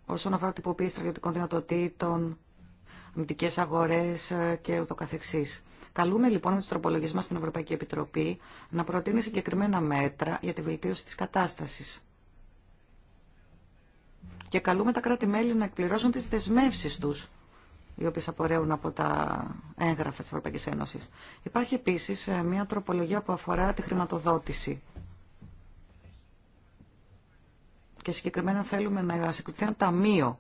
όσον αφορά τυποποίηση στρατιωτικών δυνατοτήτων, αμυντικές αγορές ε, και ούτω καθεξής. Καλούμε λοιπόν με τι τροπολογίε μα στην Ευρωπαϊκή Επιτροπή να προτείνει συγκεκριμένα μέτρα για τη βελτίωση τη κατάσταση. Και καλούμε τα κράτη-μέλη να εκπληρώσουν τι δεσμεύσει του, οι οποίε απορρέουν από τα έγγραφα τη Ευρωπαϊκή Ένωση. Υπάρχει επίση ε, μια τροπολογία που αφορά τη χρηματοδότηση. Και συγκεκριμένα θέλουμε να συγκριθεί ένα ταμείο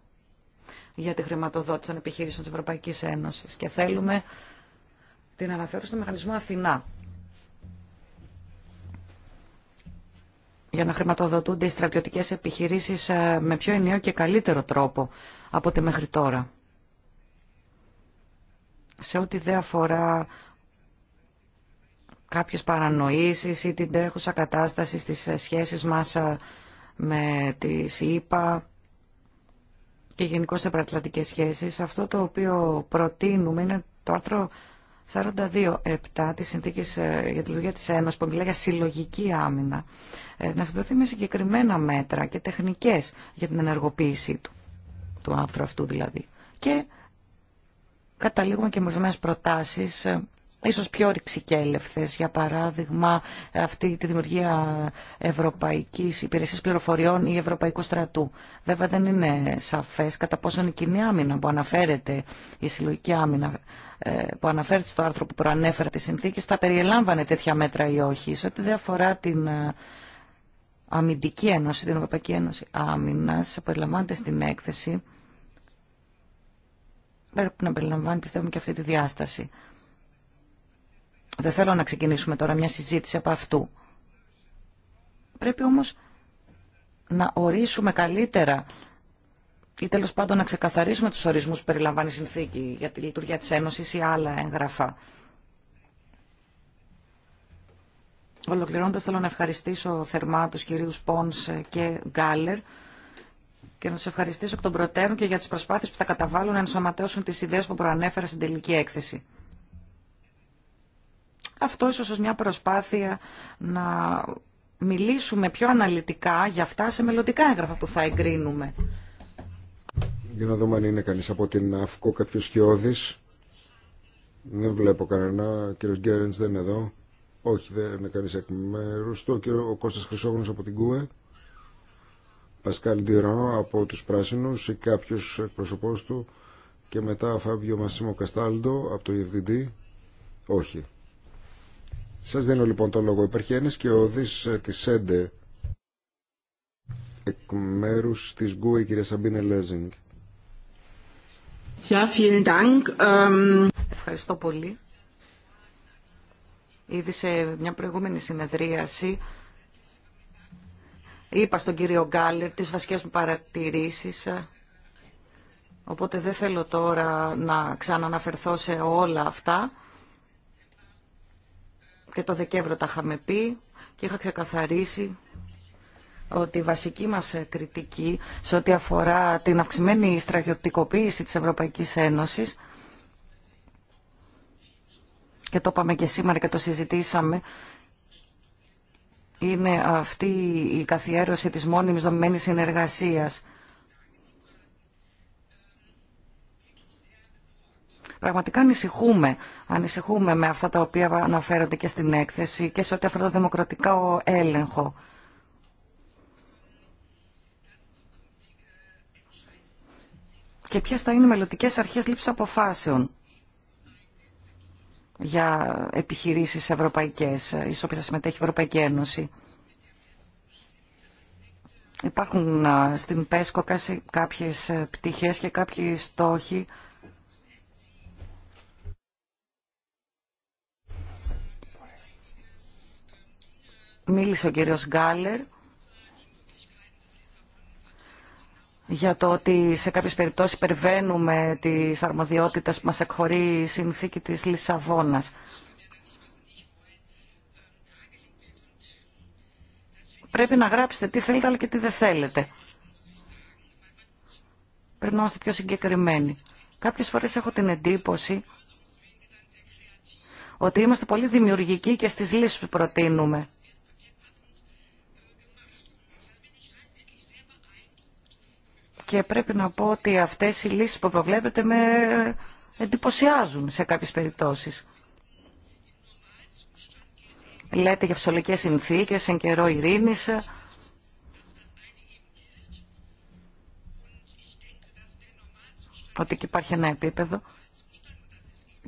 για τη χρηματοδότηση των επιχειρήσεων της Ευρωπαϊκής Ένωσης και θέλουμε την αναθεώρηση του μηχανισμού Αθηνά. για να χρηματοδοτούνται οι στρατιωτικές επιχειρήσεις ε, με πιο ενιαίο και καλύτερο τρόπο από ό,τι μέχρι τώρα. Σε ό,τι δεν αφορά κάποιες παρανοήσεις ή την τρέχουσα κατάσταση στις ε, σχέσεις μας ε, με τη ΣΥΠΑ και γενικώ σε σχέσεις, αυτό το οποίο προτείνουμε είναι το άρθρο 42.7 της Συνθήκης ε, για τη Λειτουργία της Ένωσης που μιλάει για συλλογική άμυνα ε, να συμπληρωθεί με συγκεκριμένα μέτρα και τεχνικές για την ενεργοποίησή του, του άνθρωπου αυτού δηλαδή. Και καταλήγουμε και με ορισμένες προτάσεις ε, ίσως πιο ρηξικέλευθες. Για παράδειγμα, αυτή τη δημιουργία Ευρωπαϊκής Υπηρεσίας Πληροφοριών ή Ευρωπαϊκού Στρατού. Βέβαια δεν είναι σαφές κατά πόσο είναι κοινή άμυνα που αναφέρεται, η συλλογική άμυνα ε, που αναφέρεται στο άρθρο που προανέφερα τις συνθήκες, θα περιελάμβανε τέτοια μέτρα ή όχι. Σε ό,τι δεν αφορά την ε, αμυντική ένωση, την Ευρωπαϊκή Ένωση Άμυνας, περιλαμβάνεται στην έκθεση, πρέπει να περιλαμβάνει πιστεύουμε και αυτή τη διάσταση. Δεν θέλω να ξεκινήσουμε τώρα μια συζήτηση από αυτού. Πρέπει όμως να ορίσουμε καλύτερα ή τέλος πάντων να ξεκαθαρίσουμε τους ορισμούς που περιλαμβάνει η συνθήκη για τη λειτουργία της Ένωσης ή άλλα έγγραφα. Ολοκληρώνοντας θέλω να ευχαριστήσω θερμά τους κυρίους Πόνς και Γκάλερ και να του ευχαριστήσω εκ των προτέρων και για τις προσπάθειες που θα καταβάλουν να ενσωματώσουν τις ιδέες που προανέφερα στην τελική έκθεση. Αυτό ίσως ως μια προσπάθεια να μιλήσουμε πιο αναλυτικά για αυτά σε μελλοντικά έγγραφα που θα εγκρίνουμε. Για να δούμε αν είναι κανείς από την ΑΦΚΟ κάποιο σκιώδης. Δεν βλέπω κανένα. Ο κύριος Γκέρενς δεν είναι εδώ. Όχι, δεν είναι κανείς εκ μέρους του. Ο κύριο Κώστας από την ΚΟΕ. Πασκάλ Ντυρό από τους Πράσινους ή κάποιος εκπροσωπός του. Και μετά Φαβιο Μασίμο Καστάλντο από το EFDD. Όχι. Σας δίνω λοιπόν το λόγο. Υπάρχει και ο Δης ε, της ΣΕΝΤΕ εκ μέρους της ΓΚΟΕ, η κυρία Σαμπίνε Λέζινγκ. Ähm, Ευχαριστώ πολύ. Ήδη σε μια προηγούμενη συνεδρίαση είπα στον κύριο Γκάλερ τις βασικές μου παρατηρήσεις ε. οπότε δεν θέλω τώρα να ξαναναφερθώ σε όλα αυτά και το Δεκέμβριο τα είχαμε πει και είχα ξεκαθαρίσει ότι η βασική μας κριτική σε ό,τι αφορά την αυξημένη στρατιωτικοποίηση της Ευρωπαϊκής Ένωσης και το είπαμε και σήμερα και το συζητήσαμε είναι αυτή η καθιέρωση της μόνιμης δομημένης συνεργασίας Πραγματικά ανησυχούμε. Ανησυχούμε με αυτά τα οποία αναφέρονται και στην έκθεση και σε ό,τι αφορά το δημοκρατικό έλεγχο. Και ποιες θα είναι οι μελλοντικές αρχές λήψης αποφάσεων για επιχειρήσεις ευρωπαϊκές, εις οποίες θα συμμετέχει η Ευρωπαϊκή Ένωση. Υπάρχουν στην ΠΕΣΚΟ κάποιες ε, πτυχές και κάποιοι στόχοι μίλησε ο κύριος Γκάλερ για το ότι σε κάποιες περιπτώσεις υπερβαίνουμε τις αρμοδιότητες που μας εκχωρεί η συνθήκη της Λισαβόνας. Πρέπει να γράψετε τι θέλετε αλλά και τι δεν θέλετε. Πρέπει να είμαστε πιο συγκεκριμένοι. Κάποιες φορές έχω την εντύπωση ότι είμαστε πολύ δημιουργικοί και στις λύσεις που προτείνουμε. Και πρέπει να πω ότι αυτές οι λύσεις που προβλέπετε με εντυπωσιάζουν σε κάποιες περιπτώσεις. Λέτε για φυσιολογικές συνθήκες, εν καιρό ειρήνης. Ότι και υπάρχει ένα επίπεδο.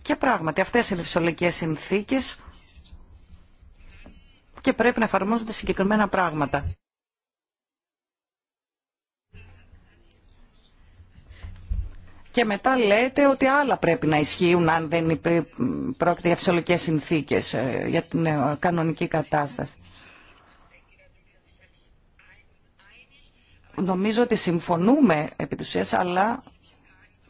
Και πράγματι, αυτές είναι οι συνθήκες και πρέπει να εφαρμόζονται συγκεκριμένα πράγματα. και μετά λέτε ότι άλλα πρέπει να ισχύουν αν δεν πρόκειται για φυσιολογικές συνθήκες, ε, για την ε, κανονική κατάσταση. Νομίζω ότι συμφωνούμε επί αλλά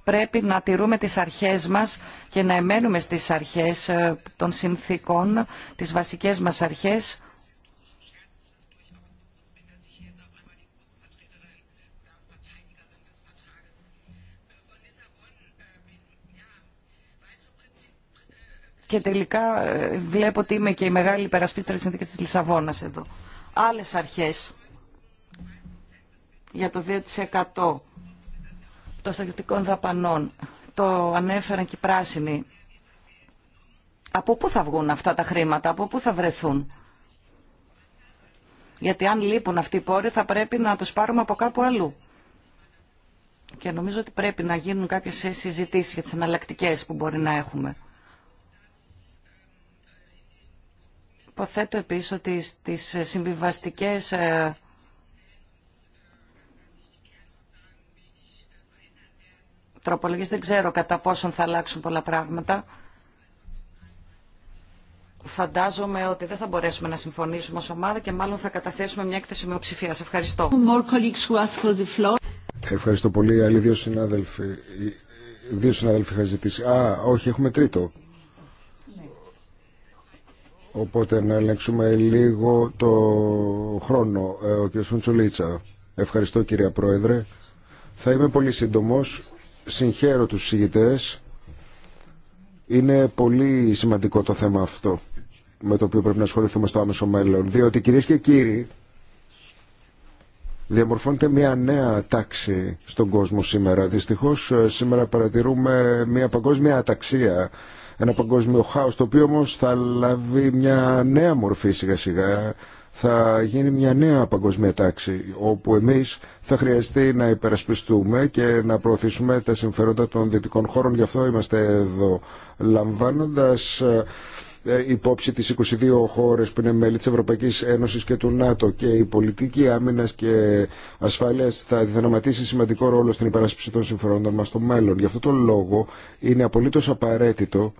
πρέπει να τηρούμε τις αρχές μας και να εμένουμε στις αρχές ε, των συνθήκων, τις βασικές μας αρχές και τελικά ε, βλέπω ότι είμαι και η μεγάλη υπερασπίστρια της συνθήκης της Λισαβόνας εδώ. Άλλες αρχές για το 2% των στρατιωτικών δαπανών. Το ανέφεραν και οι πράσινοι. Από πού θα βγουν αυτά τα χρήματα, από πού θα βρεθούν. Γιατί αν λείπουν αυτοί οι πόροι θα πρέπει να τους πάρουμε από κάπου αλλού. Και νομίζω ότι πρέπει να γίνουν κάποιες συζητήσεις για τις εναλλακτικέ που μπορεί να έχουμε. Υποθέτω επίσης ότι στις συμβιβαστικές ε, τροπολογίες δεν ξέρω κατά πόσον θα αλλάξουν πολλά πράγματα. Φαντάζομαι ότι δεν θα μπορέσουμε να συμφωνήσουμε ως ομάδα και μάλλον θα καταθέσουμε μια έκθεση μειοψηφία. Ευχαριστώ. Ευχαριστώ πολύ. Άλλοι δύο συνάδελφοι. Δύο συνάδελφοι είχα ζητήσει. Α, όχι, έχουμε τρίτο. Οπότε να ελέγξουμε λίγο το χρόνο. Ε, ο κ. Φουντσουλίτσα. Ευχαριστώ κυρία Πρόεδρε. Θα είμαι πολύ σύντομος. Συγχαίρω τους συγητές. Είναι πολύ σημαντικό το θέμα αυτό με το οποίο πρέπει να ασχοληθούμε στο άμεσο μέλλον. Διότι κυρίε και κύριοι, διαμορφώνεται μια νέα τάξη στον κόσμο σήμερα. Δυστυχώς ε, σήμερα παρατηρούμε μια παγκόσμια αταξία ένα παγκόσμιο χάος το οποίο όμως θα λάβει μια νέα μορφή σιγά σιγά θα γίνει μια νέα παγκοσμία τάξη όπου εμείς θα χρειαστεί να υπερασπιστούμε και να προωθήσουμε τα συμφέροντα των δυτικών χώρων γι' αυτό είμαστε εδώ λαμβάνοντας ε, υπόψη τις 22 χώρες που είναι μέλη της Ευρωπαϊκής Ένωσης και του ΝΑΤΟ και η πολιτική άμυνας και ασφάλειας θα διδραματίσει σημαντικό ρόλο στην υπεράσπιση των συμφερόντων μας στο μέλλον. Γι' αυτό το λόγο είναι απολύτως απαραίτητο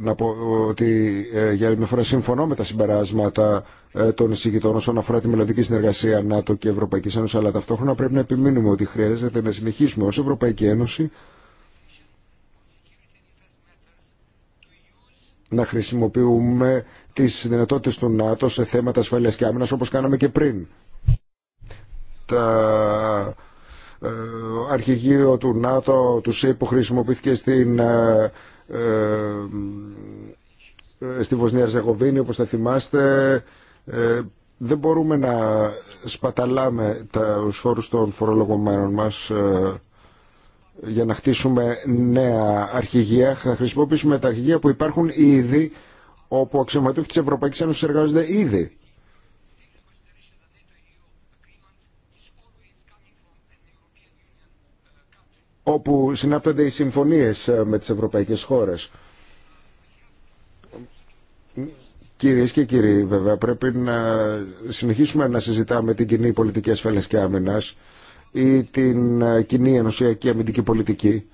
να πω ότι ε, για μια φορά συμφωνώ με τα συμπεράσματα ε, των εισηγητών όσον αφορά τη μελλοντική συνεργασία ΝΑΤΟ και Ευρωπαϊκή Ένωση, αλλά ταυτόχρονα πρέπει να επιμείνουμε ότι χρειάζεται να συνεχίσουμε ω Ευρωπαϊκή Ένωση να χρησιμοποιούμε τι δυνατότητε του ΝΑΤΟ σε θέματα ασφαλεία και άμυνα όπω κάναμε και πριν. Τα ε, αρχηγείο του ΝΑΤΟ, του ΣΥΠ χρησιμοποιήθηκε στην ε, στη Βοσνία Ζεγοβίνη όπως θα θυμάστε ε, δεν μπορούμε να σπαταλάμε τα φόρους των φορολογωμένων μας ε, για να χτίσουμε νέα αρχηγεία. Θα χρησιμοποιήσουμε τα αρχηγεία που υπάρχουν ήδη, όπου αξιωματούχοι της Ευρωπαϊκής Ένωσης εργάζονται ήδη. όπου συνάπτονται οι συμφωνίες ε, με τις ευρωπαϊκές χώρες. Κυρίες και κύριοι, βέβαια, πρέπει να συνεχίσουμε να συζητάμε την κοινή πολιτική ασφάλειας και άμυνας ή την ε, κοινή ενωσιακή αμυντική πολιτική,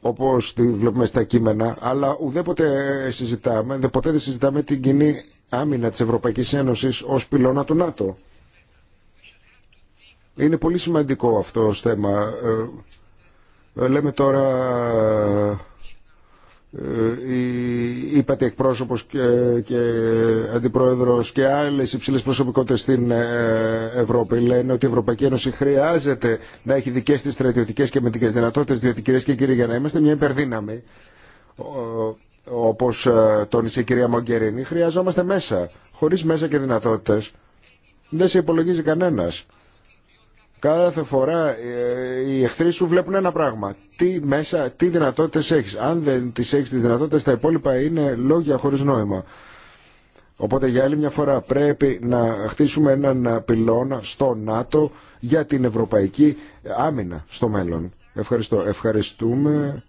όπως τη βλέπουμε στα κείμενα, αλλά ουδέποτε συζητάμε, ποτέ δεν συζητάμε την κοινή άμυνα της Ευρωπαϊκής Ένωσης ως πυλώνα του ΝΑΤΟ. Είναι πολύ σημαντικό αυτό το θέμα. Ε, ε, λέμε τώρα ε, είπατε εκπρόσωπος και, και αντιπρόεδρος και άλλες υψηλές προσωπικότητες στην Ευρώπη λένε ότι η Ευρωπαϊκή Ένωση χρειάζεται να έχει δικές της στρατιωτικές και μετικές δυνατότητες διότι κυρίε και κύριοι για να είμαστε μια υπερδύναμη όπως τόνισε η κυρία Μογκερίνη χρειαζόμαστε μέσα χωρίς μέσα και δυνατότητες δεν σε υπολογίζει κανένας Κάθε φορά ε, οι εχθροί σου βλέπουν ένα πράγμα. Τι μέσα, τι δυνατότητες έχεις. Αν δεν τις έχεις τις δυνατότητες, τα υπόλοιπα είναι λόγια χωρίς νόημα. Οπότε για άλλη μια φορά πρέπει να χτίσουμε έναν πυλώνα στο ΝΑΤΟ για την ευρωπαϊκή άμυνα στο μέλλον. Ευχαριστώ. Ευχαριστούμε.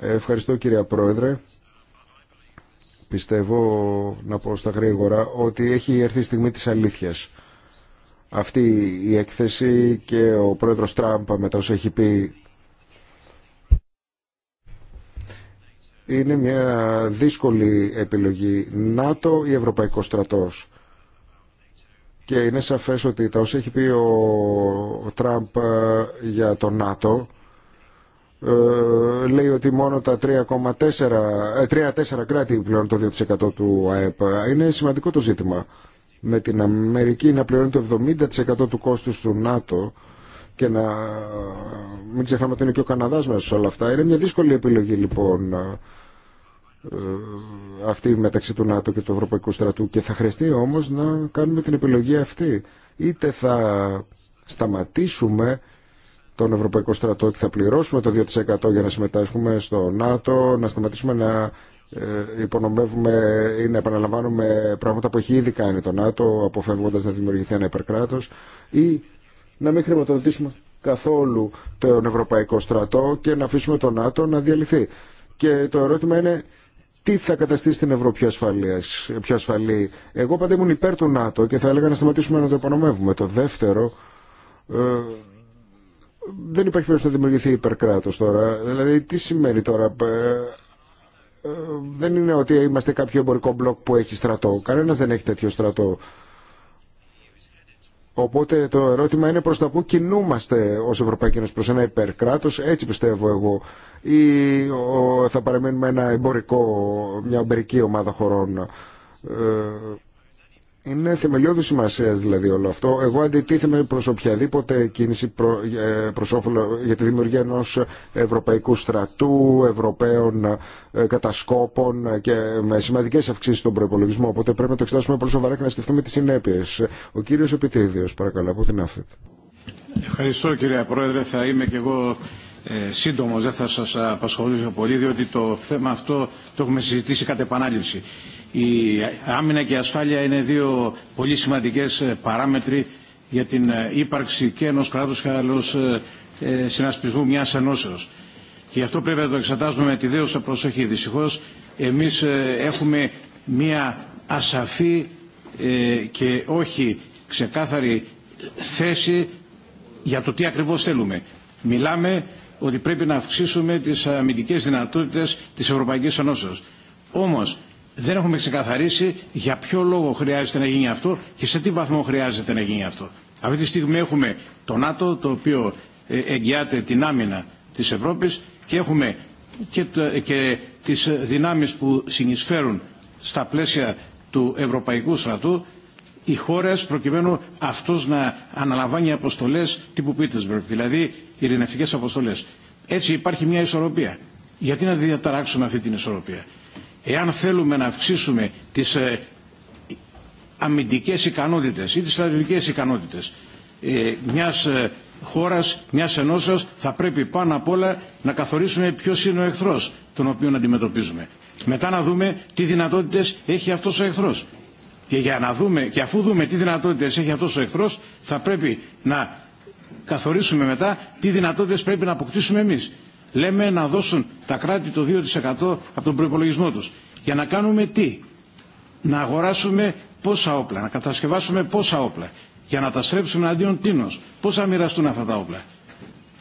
Ε, Ευχαριστώ κυρία Πρόεδρε. Πιστεύω να πω στα γρήγορα ότι έχει έρθει η στιγμή της αλήθειας αυτή η έκθεση και ο πρόεδρος Τραμπ μετά όσο έχει πει είναι μια δύσκολη επιλογή ΝΑΤΟ ή Ευρωπαϊκό στρατός και είναι σαφές ότι τα όσα έχει πει ο Τραμπ ε, για το ΝΑΤΟ ε, λέει ότι μόνο τα 3,4 ε, κράτη πλέον το 2% του ΑΕΠ. Είναι σημαντικό το ζήτημα με την Αμερική να πληρώνει το 70% του κόστους του ΝΑΤΟ και να μην ξεχνάμε ότι είναι και ο Καναδάς μέσα σε όλα αυτά. Είναι μια δύσκολη επιλογή λοιπόν ε, ε, αυτή μεταξύ του ΝΑΤΟ και του Ευρωπαϊκού Στρατού και θα χρειαστεί όμως να κάνουμε την επιλογή αυτή. Είτε θα σταματήσουμε τον Ευρωπαϊκό Στρατό και θα πληρώσουμε το 2% για να συμμετάσχουμε στο ΝΑΤΟ, να σταματήσουμε να ε, υπονομεύουμε ή να επαναλαμβάνουμε πράγματα που έχει ήδη κάνει το ΝΑΤΟ, αποφεύγοντα να δημιουργηθεί ένα υπερκράτο, ή να μην χρηματοδοτήσουμε καθόλου τον Ευρωπαϊκό στρατό και να αφήσουμε το ΝΑΤΟ να διαλυθεί. Και το ερώτημα είναι τι θα καταστήσει την Ευρώπη πιο, ασφαλή. Εγώ πάντα ήμουν υπέρ του ΝΑΤΟ και θα έλεγα να σταματήσουμε να το υπονομεύουμε. Το δεύτερο, ε, δεν υπάρχει περίπτωση να δημιουργηθεί υπερκράτος τώρα. Δηλαδή, τι σημαίνει τώρα, ε, ε, δεν είναι ότι είμαστε κάποιο εμπορικό μπλοκ που έχει στρατό. Κανένας δεν έχει τέτοιο στρατό. Οπότε το ερώτημα είναι προς τα που κινούμαστε ως Ευρωπαϊκή Ένωση προς ένα υπερκράτος, έτσι πιστεύω εγώ, ή θα παραμείνουμε ένα εμπορικό, μια εμπορική ομάδα χωρών. Ε, είναι θεμελιώδη σημασία δηλαδή όλο αυτό. Εγώ αντιτίθεμαι προ οποιαδήποτε κίνηση προ, ε, προς όφελο, για τη δημιουργία ενό ευρωπαϊκού στρατού, ευρωπαίων ε, κατασκόπων και με σημαντικέ αυξήσει στον προπολογισμό. Οπότε πρέπει να το εξετάσουμε πολύ σοβαρά και να σκεφτούμε τι συνέπειε. Ο κύριο Επιτήδιο, παρακαλώ, από την ΑΦΕΤ. Ευχαριστώ κύριε Πρόεδρε. Θα είμαι και εγώ ε, σύντομο, δεν θα σα απασχολήσω πολύ, διότι το θέμα αυτό το έχουμε συζητήσει κατά επανάληψη. Η άμυνα και η ασφάλεια είναι δύο πολύ σημαντικές ε, παράμετροι για την ε, ύπαρξη και ενός κράτους και ε, συνασπισμού μιας ενώσεως. Και γι' αυτό πρέπει να το εξετάζουμε με τη δέωσα προσοχή. δυστυχώ. εμείς έχουμε μια ασαφή και όχι ξεκάθαρη θέση για το τι ακριβώς θέλουμε. Μιλάμε ότι πρέπει να αυξήσουμε τις αμυντικές δυνατότητες της Ευρωπαϊκής Ενώσεως. Όμως δεν έχουμε ξεκαθαρίσει για ποιο λόγο χρειάζεται να γίνει αυτό και σε τι βαθμό χρειάζεται να γίνει αυτό. Αυτή τη στιγμή έχουμε το ΝΑΤΟ το οποίο ε, εγγυάται την άμυνα της Ευρώπης και έχουμε και, το, ε, και τις δυνάμεις που συνεισφέρουν στα πλαίσια του Ευρωπαϊκού στρατού οι χώρες προκειμένου αυτός να αναλαμβάνει αποστολές τύπου Πίτερσμπεργκ, δηλαδή ειρηνευτικές αποστολές. Έτσι υπάρχει μια ισορροπία. Γιατί να διαταράξουμε αυτή την ισορροπία. Εάν θέλουμε να αυξήσουμε τις ε, αμυντικές ικανότητες ή τις στρατιωτικές ικανότητες ε, μιας ε, χώρας, μιας ενώσεως, θα πρέπει πάνω απ' όλα να καθορίσουμε ποιος είναι ο εχθρός τον οποίο αντιμετωπίζουμε. Μετά να δούμε τι δυνατότητες έχει αυτός ο εχθρός. Και, για να δούμε, και αφού δούμε τι δυνατότητες έχει αυτός ο εχθρός, θα πρέπει να καθορίσουμε μετά τι δυνατότητες πρέπει να αποκτήσουμε εμείς λέμε να δώσουν τα κράτη το 2% από τον προπολογισμό τους. Για να κάνουμε τι. Να αγοράσουμε πόσα όπλα, να κατασκευάσουμε πόσα όπλα. Για να τα στρέψουμε αντίον τίνος. Πώς θα μοιραστούν αυτά τα όπλα.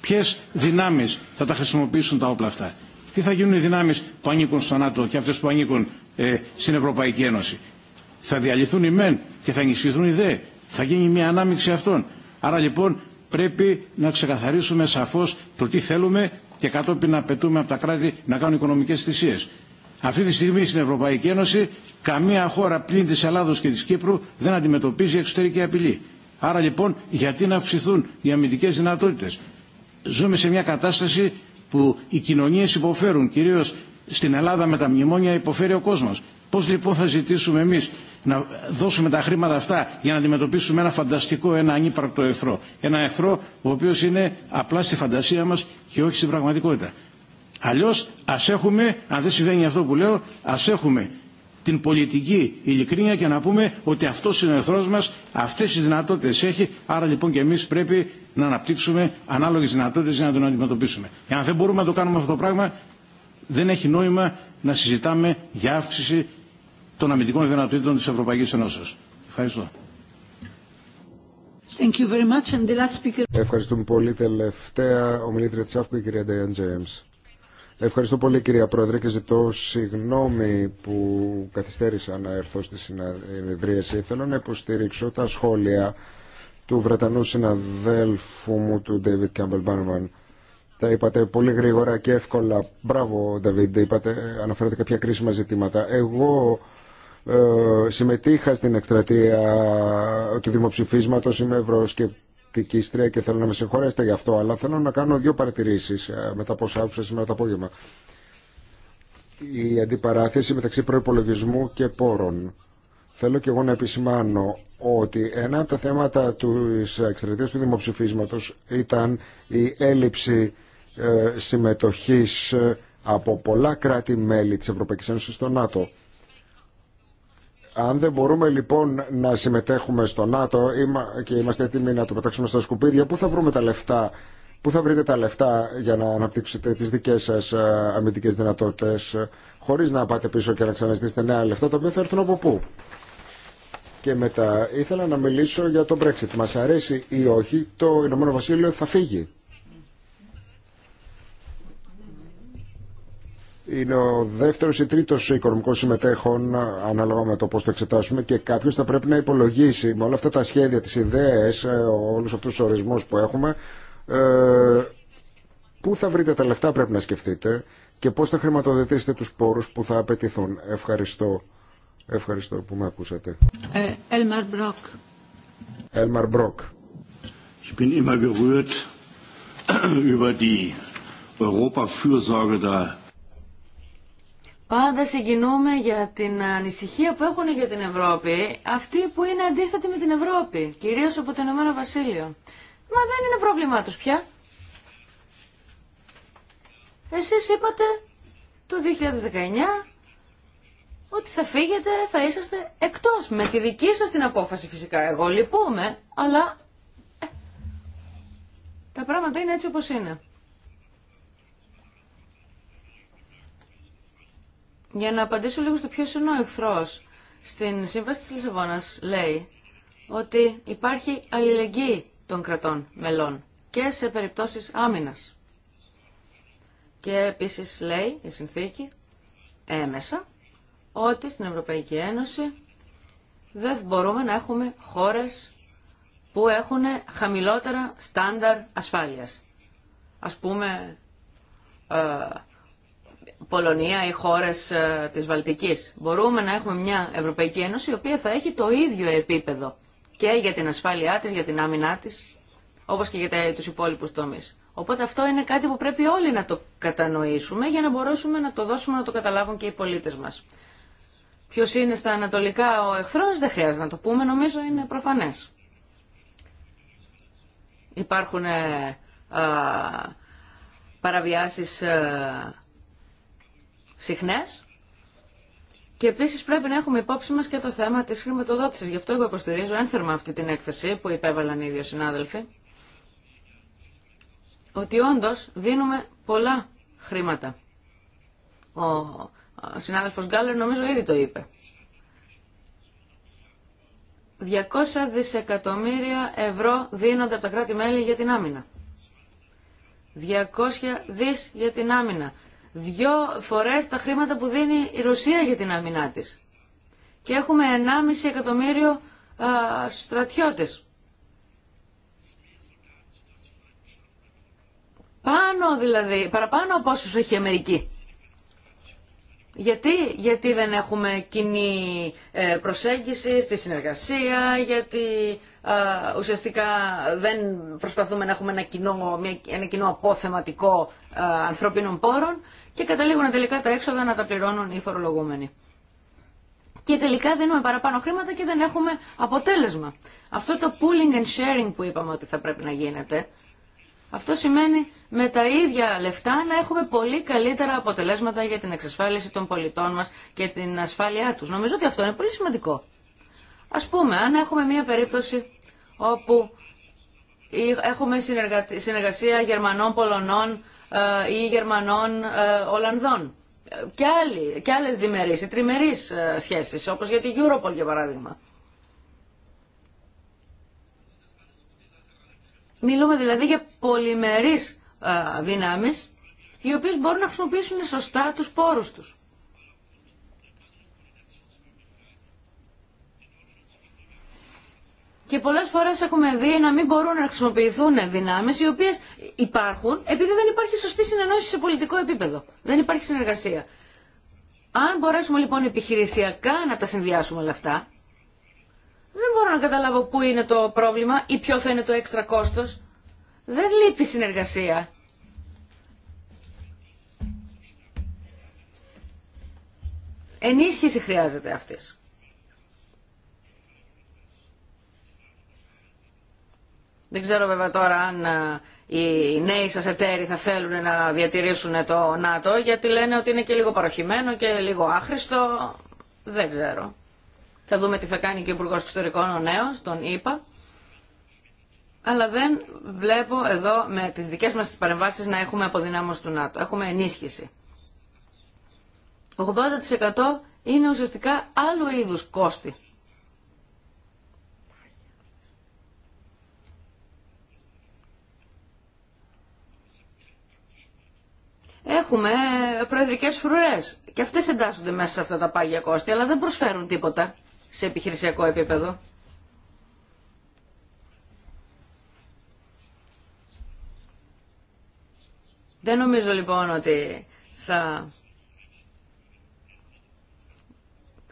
Ποιες δυνάμεις θα τα χρησιμοποιήσουν τα όπλα αυτά. Τι θα γίνουν οι δυνάμεις που ανήκουν στο ΝΑΤΟ και αυτές που ανήκουν ε, στην Ευρωπαϊκή Ένωση. Θα διαλυθούν οι μεν και θα ενισχυθούν οι δε. Θα γίνει μια ανάμειξη αυτών. Άρα λοιπόν πρέπει να ξεκαθαρίσουμε σαφώς το τι θέλουμε και κατόπιν να απαιτούμε από τα κράτη να κάνουν οικονομικές θυσίες. Αυτή τη στιγμή στην Ευρωπαϊκή Ένωση καμία χώρα πλήν της Ελλάδος και της Κύπρου δεν αντιμετωπίζει εξωτερική απειλή. Άρα λοιπόν γιατί να αυξηθούν οι αμυντικές δυνατότητες. Ζούμε σε μια κατάσταση που οι κοινωνίες υποφέρουν, κυρίως στην Ελλάδα με τα μνημόνια υποφέρει ο κόσμος. Πώς λοιπόν θα ζητήσουμε εμείς να δώσουμε τα χρήματα αυτά για να αντιμετωπίσουμε ένα φανταστικό, ένα ανύπαρκτο εχθρό. Ένα εχθρό ο οποίος είναι απλά στη φαντασία μας και όχι στην πραγματικότητα. Αλλιώς ας έχουμε, αν δεν συμβαίνει αυτό που λέω, ας έχουμε την πολιτική ειλικρίνεια και να πούμε ότι αυτός είναι ο εχθρός μας, αυτές οι δυνατότητες έχει, άρα λοιπόν και εμείς πρέπει να αναπτύξουμε ανάλογες δυνατότητες για να τον αντιμετωπίσουμε. Εάν δεν μπορούμε να το κάνουμε αυτό το πράγμα, δεν έχει νόημα να συζητάμε για αύξηση των αμυντικών δυνατοτήτων της Ευρωπαϊκής Ενώσεως. Ευχαριστώ. Thank you very much. And the last speaker... Ευχαριστούμε πολύ. Τελευταία ομιλήτρια της ΑΦΚΟ, η κυρία Νταϊάν Τζέιμς. Ευχαριστώ πολύ κυρία Πρόεδρε και ζητώ συγγνώμη που καθυστέρησα να έρθω στη συνεδρίαση. Θέλω να υποστηρίξω τα σχόλια του Βρετανού συναδέλφου μου, του David Campbell Bannerman. Τα είπατε πολύ γρήγορα και εύκολα. Μπράβο, David, είπατε, αναφέρατε κάποια κρίσιμα ζητήματα. Εγώ ε, συμμετείχα στην εκστρατεία του δημοψηφίσματος, είμαι ευρωσκεπτικίστρια και θέλω να με συγχωρέσετε γι' αυτό, αλλά θέλω να κάνω δύο παρατηρήσεις ε, μετά από όσα άκουσα σήμερα το απόγευμα. Η αντιπαράθεση μεταξύ προϋπολογισμού και πόρων. Θέλω και εγώ να επισημάνω ότι ένα από τα θέματα της εξαιρετίας του δημοψηφίσματος ήταν η έλλειψη ε, συμμετοχής από πολλά κράτη-μέλη της Ευρωπαϊκής Ένωσης στο ΝΑΤΟ. Αν δεν μπορούμε λοιπόν να συμμετέχουμε στο ΝΑΤΟ και είμαστε έτοιμοι να το πετάξουμε στα σκουπίδια, πού θα βρούμε τα λεφτά, πού θα βρείτε τα λεφτά για να αναπτύξετε τις δικές σας ε, αμυντικές δυνατότητες, χωρίς να πάτε πίσω και να ξαναζητήσετε νέα λεφτά, τα οποία θα έρθουν από πού. Και μετά ήθελα να μιλήσω για το Brexit. Μας αρέσει ή όχι, το Ηνωμένο Βασίλειο θα φύγει. είναι ο δεύτερος ή τρίτος οικονομικός συμμετέχων ανάλογα με το πώς το εξετάσουμε και κάποιος θα πρέπει να υπολογίσει με όλα αυτά τα σχέδια, τις ιδέες, ε, όλους αυτούς τους ορισμούς που έχουμε πού θα βρείτε τα λεφτά πρέπει να σκεφτείτε και πώς θα χρηματοδοτήσετε τους πόρους ε, πού θα βρείτε τα λεφτά πρέπει να σκεφτείτε και πώς θα χρηματοδοτήσετε τους πόρους που θα απαιτηθούν. Ευχαριστώ. Ευχαριστώ που με ακούσατε. Έλμαρ Μπρόκ. Έλμαρ Μπρόκ. Ich bin immer gerührt <clears throat> über die Europa-Fürsorge der Πάντα συγκινούμε για την ανησυχία που έχουν για την Ευρώπη αυτοί που είναι αντίθετοι με την Ευρώπη, κυρίως από το Ηνωμένο Βασίλειο. Μα δεν είναι πρόβλημά τους πια. Εσείς είπατε το 2019 ότι θα φύγετε, θα είσαστε εκτός με τη δική σας την απόφαση φυσικά. Εγώ λυπούμαι, αλλά ε, τα πράγματα είναι έτσι όπως είναι. Για να απαντήσω λίγο στο ποιος είναι ο εχθρό. Στην Σύμβαση της Λισαβόνα λέει ότι υπάρχει αλληλεγγύη των κρατών μελών και σε περιπτώσεις άμυνας. Και επίσης λέει η συνθήκη έμεσα ότι στην Ευρωπαϊκή Ένωση δεν μπορούμε να έχουμε χώρες που έχουν χαμηλότερα στάνταρ ασφάλειας. Ας πούμε ε, Πολωνία ή χώρες ε, της Βαλτικής. Μπορούμε να έχουμε μια Ευρωπαϊκή Ένωση η οποία θα έχει το ίδιο επίπεδο και για την ασφάλειά της, για την άμυνά της, όπως και για τους υπόλοιπους τομείς. Οπότε αυτό είναι κάτι που πρέπει όλοι να το κατανοήσουμε για να μπορέσουμε να το δώσουμε να το καταλάβουν και οι πολίτες μας. Ποιο είναι στα ανατολικά ο εχθρό δεν χρειάζεται να το πούμε, νομίζω είναι προφανέ. Υπάρχουν ε, παραβιάσεις ε, συχνές. Και επίση πρέπει να έχουμε υπόψη μα και το θέμα τη χρηματοδότηση. Γι' αυτό εγώ υποστηρίζω ένθερμα αυτή την έκθεση που υπέβαλαν οι δύο συνάδελφοι. Ότι όντω δίνουμε πολλά χρήματα. Ο συνάδελφος Γκάλερ νομίζω ήδη το είπε. 200 δισεκατομμύρια ευρώ δίνονται από τα κράτη-μέλη για την άμυνα. 200 δις για την άμυνα δύο φορές τα χρήματα που δίνει η Ρωσία για την άμυνά της. Και έχουμε 1,5 εκατομμύριο α, στρατιώτες. Πάνω δηλαδή, παραπάνω από όσους έχει η Αμερική. Γιατί, γιατί δεν έχουμε κοινή ε, προσέγγιση στη συνεργασία, γιατί ουσιαστικά δεν προσπαθούμε να έχουμε ένα κοινό, ένα αποθεματικό ανθρωπίνων πόρων και καταλήγουν τελικά τα έξοδα να τα πληρώνουν οι φορολογούμενοι. Και τελικά δίνουμε παραπάνω χρήματα και δεν έχουμε αποτέλεσμα. Αυτό το pooling and sharing που είπαμε ότι θα πρέπει να γίνεται, αυτό σημαίνει με τα ίδια λεφτά να έχουμε πολύ καλύτερα αποτελέσματα για την εξασφάλιση των πολιτών μας και την ασφάλειά τους. Νομίζω ότι αυτό είναι πολύ σημαντικό. Ας πούμε, αν έχουμε μία περίπτωση όπου Έχουμε συνεργασία Γερμανών Πολωνών ε, ή Γερμανών ε, Ολλανδών και, άλλοι, και άλλες διμερείς ή τριμερείς ε, σχέσεις, όπως για την Europol για παράδειγμα. Μιλούμε δηλαδή για πολυμερείς δυνάμεις, οι οποίες μπορούν να χρησιμοποιήσουν σωστά τους πόρους τους. Και πολλές φορές έχουμε δει να μην μπορούν να χρησιμοποιηθούν δυνάμεις οι οποίες υπάρχουν επειδή δεν υπάρχει σωστή συνεννόηση σε πολιτικό επίπεδο. Δεν υπάρχει συνεργασία. Αν μπορέσουμε λοιπόν επιχειρησιακά να τα συνδυάσουμε όλα αυτά, δεν μπορώ να καταλάβω πού είναι το πρόβλημα ή ποιο θα είναι το έξτρα κόστος. Δεν λείπει συνεργασία. Ενίσχυση χρειάζεται αυτής. Δεν ξέρω βέβαια τώρα αν ε, οι νέοι σας εταίροι θα θέλουν να διατηρήσουν το ΝΑΤΟ γιατί λένε ότι είναι και λίγο παροχημένο και λίγο άχρηστο. Δεν ξέρω. Θα δούμε τι θα κάνει και ο Υπουργός Εξωτερικών ο νέος, τον είπα. Αλλά δεν βλέπω εδώ με τις δικές μας τις παρεμβάσεις να έχουμε αποδυνάμωση του ΝΑΤΟ. Έχουμε ενίσχυση. 80% είναι ουσιαστικά άλλου είδους κόστη έχουμε προεδρικές φρουρέ. και αυτές εντάσσονται μέσα σε αυτά τα πάγια κόστη, αλλά δεν προσφέρουν τίποτα σε επιχειρησιακό επίπεδο. Δεν νομίζω λοιπόν ότι θα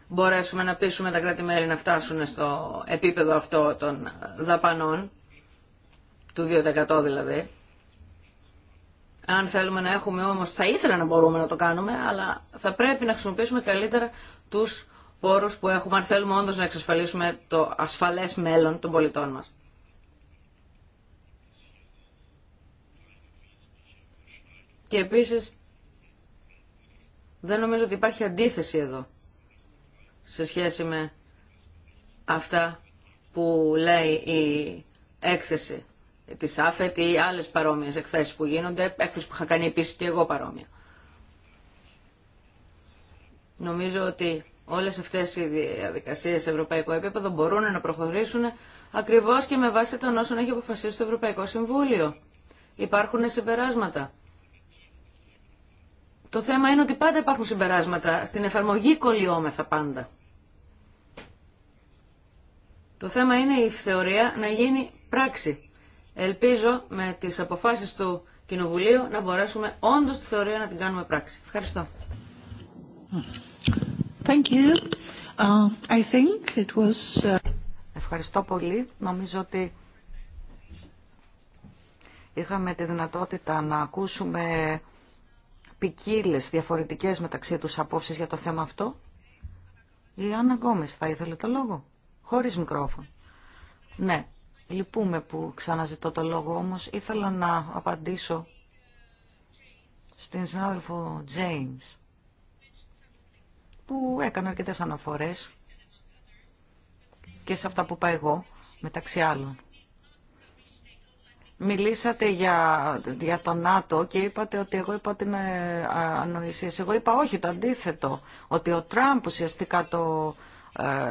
μπορέσουμε να πείσουμε τα κράτη-μέλη να φτάσουν στο επίπεδο αυτό των δαπανών, του 2% δηλαδή. Αν θέλουμε να έχουμε όμως, θα ήθελα να μπορούμε να το κάνουμε, αλλά θα πρέπει να χρησιμοποιήσουμε καλύτερα τους πόρους που έχουμε, αν θέλουμε όντως να εξασφαλίσουμε το ασφαλές μέλλον των πολιτών μας. Και επίσης, δεν νομίζω ότι υπάρχει αντίθεση εδώ σε σχέση με αυτά που λέει η έκθεση. Τη ΑΦΕΤ ή άλλες παρόμοιες εκθέσεις που γίνονται, έκθεση που είχα κάνει επίσης και εγώ παρόμοια. Νομίζω ότι όλες αυτές οι διαδικασίες σε ευρωπαϊκό επίπεδο μπορούν να προχωρήσουν ακριβώς και με βάση των όσων έχει αποφασίσει το Ευρωπαϊκό Συμβούλιο. Υπάρχουν συμπεράσματα. Το θέμα είναι ότι πάντα υπάρχουν συμπεράσματα. Στην εφαρμογή κολλιόμεθα πάντα. Το θέμα είναι η θεωρία να γίνει πράξη. Ελπίζω με τις αποφάσεις του Κοινοβουλίου να μπορέσουμε όντως τη θεωρία να την κάνουμε πράξη. Ευχαριστώ. Thank you. Uh, I think it was... Uh, Ευχαριστώ πολύ. Νομίζω ότι είχαμε τη δυνατότητα να ακούσουμε ποικίλε διαφορετικές μεταξύ τους απόψεις για το θέμα αυτό. Η Άννα Γκόμες θα ήθελε το λόγο, χωρίς μικρόφωνο. Ναι, Λυπούμε που ξαναζητώ το λόγο όμως. Ήθελα να απαντήσω στην συνάδελφο James που έκανε αρκετέ αναφορές και σε αυτά που είπα εγώ μεταξύ άλλων. Μιλήσατε για, για το ΝΑΤΟ και είπατε ότι εγώ είπα την είναι Εγώ είπα όχι το αντίθετο, ότι ο Τραμπ ουσιαστικά το ε,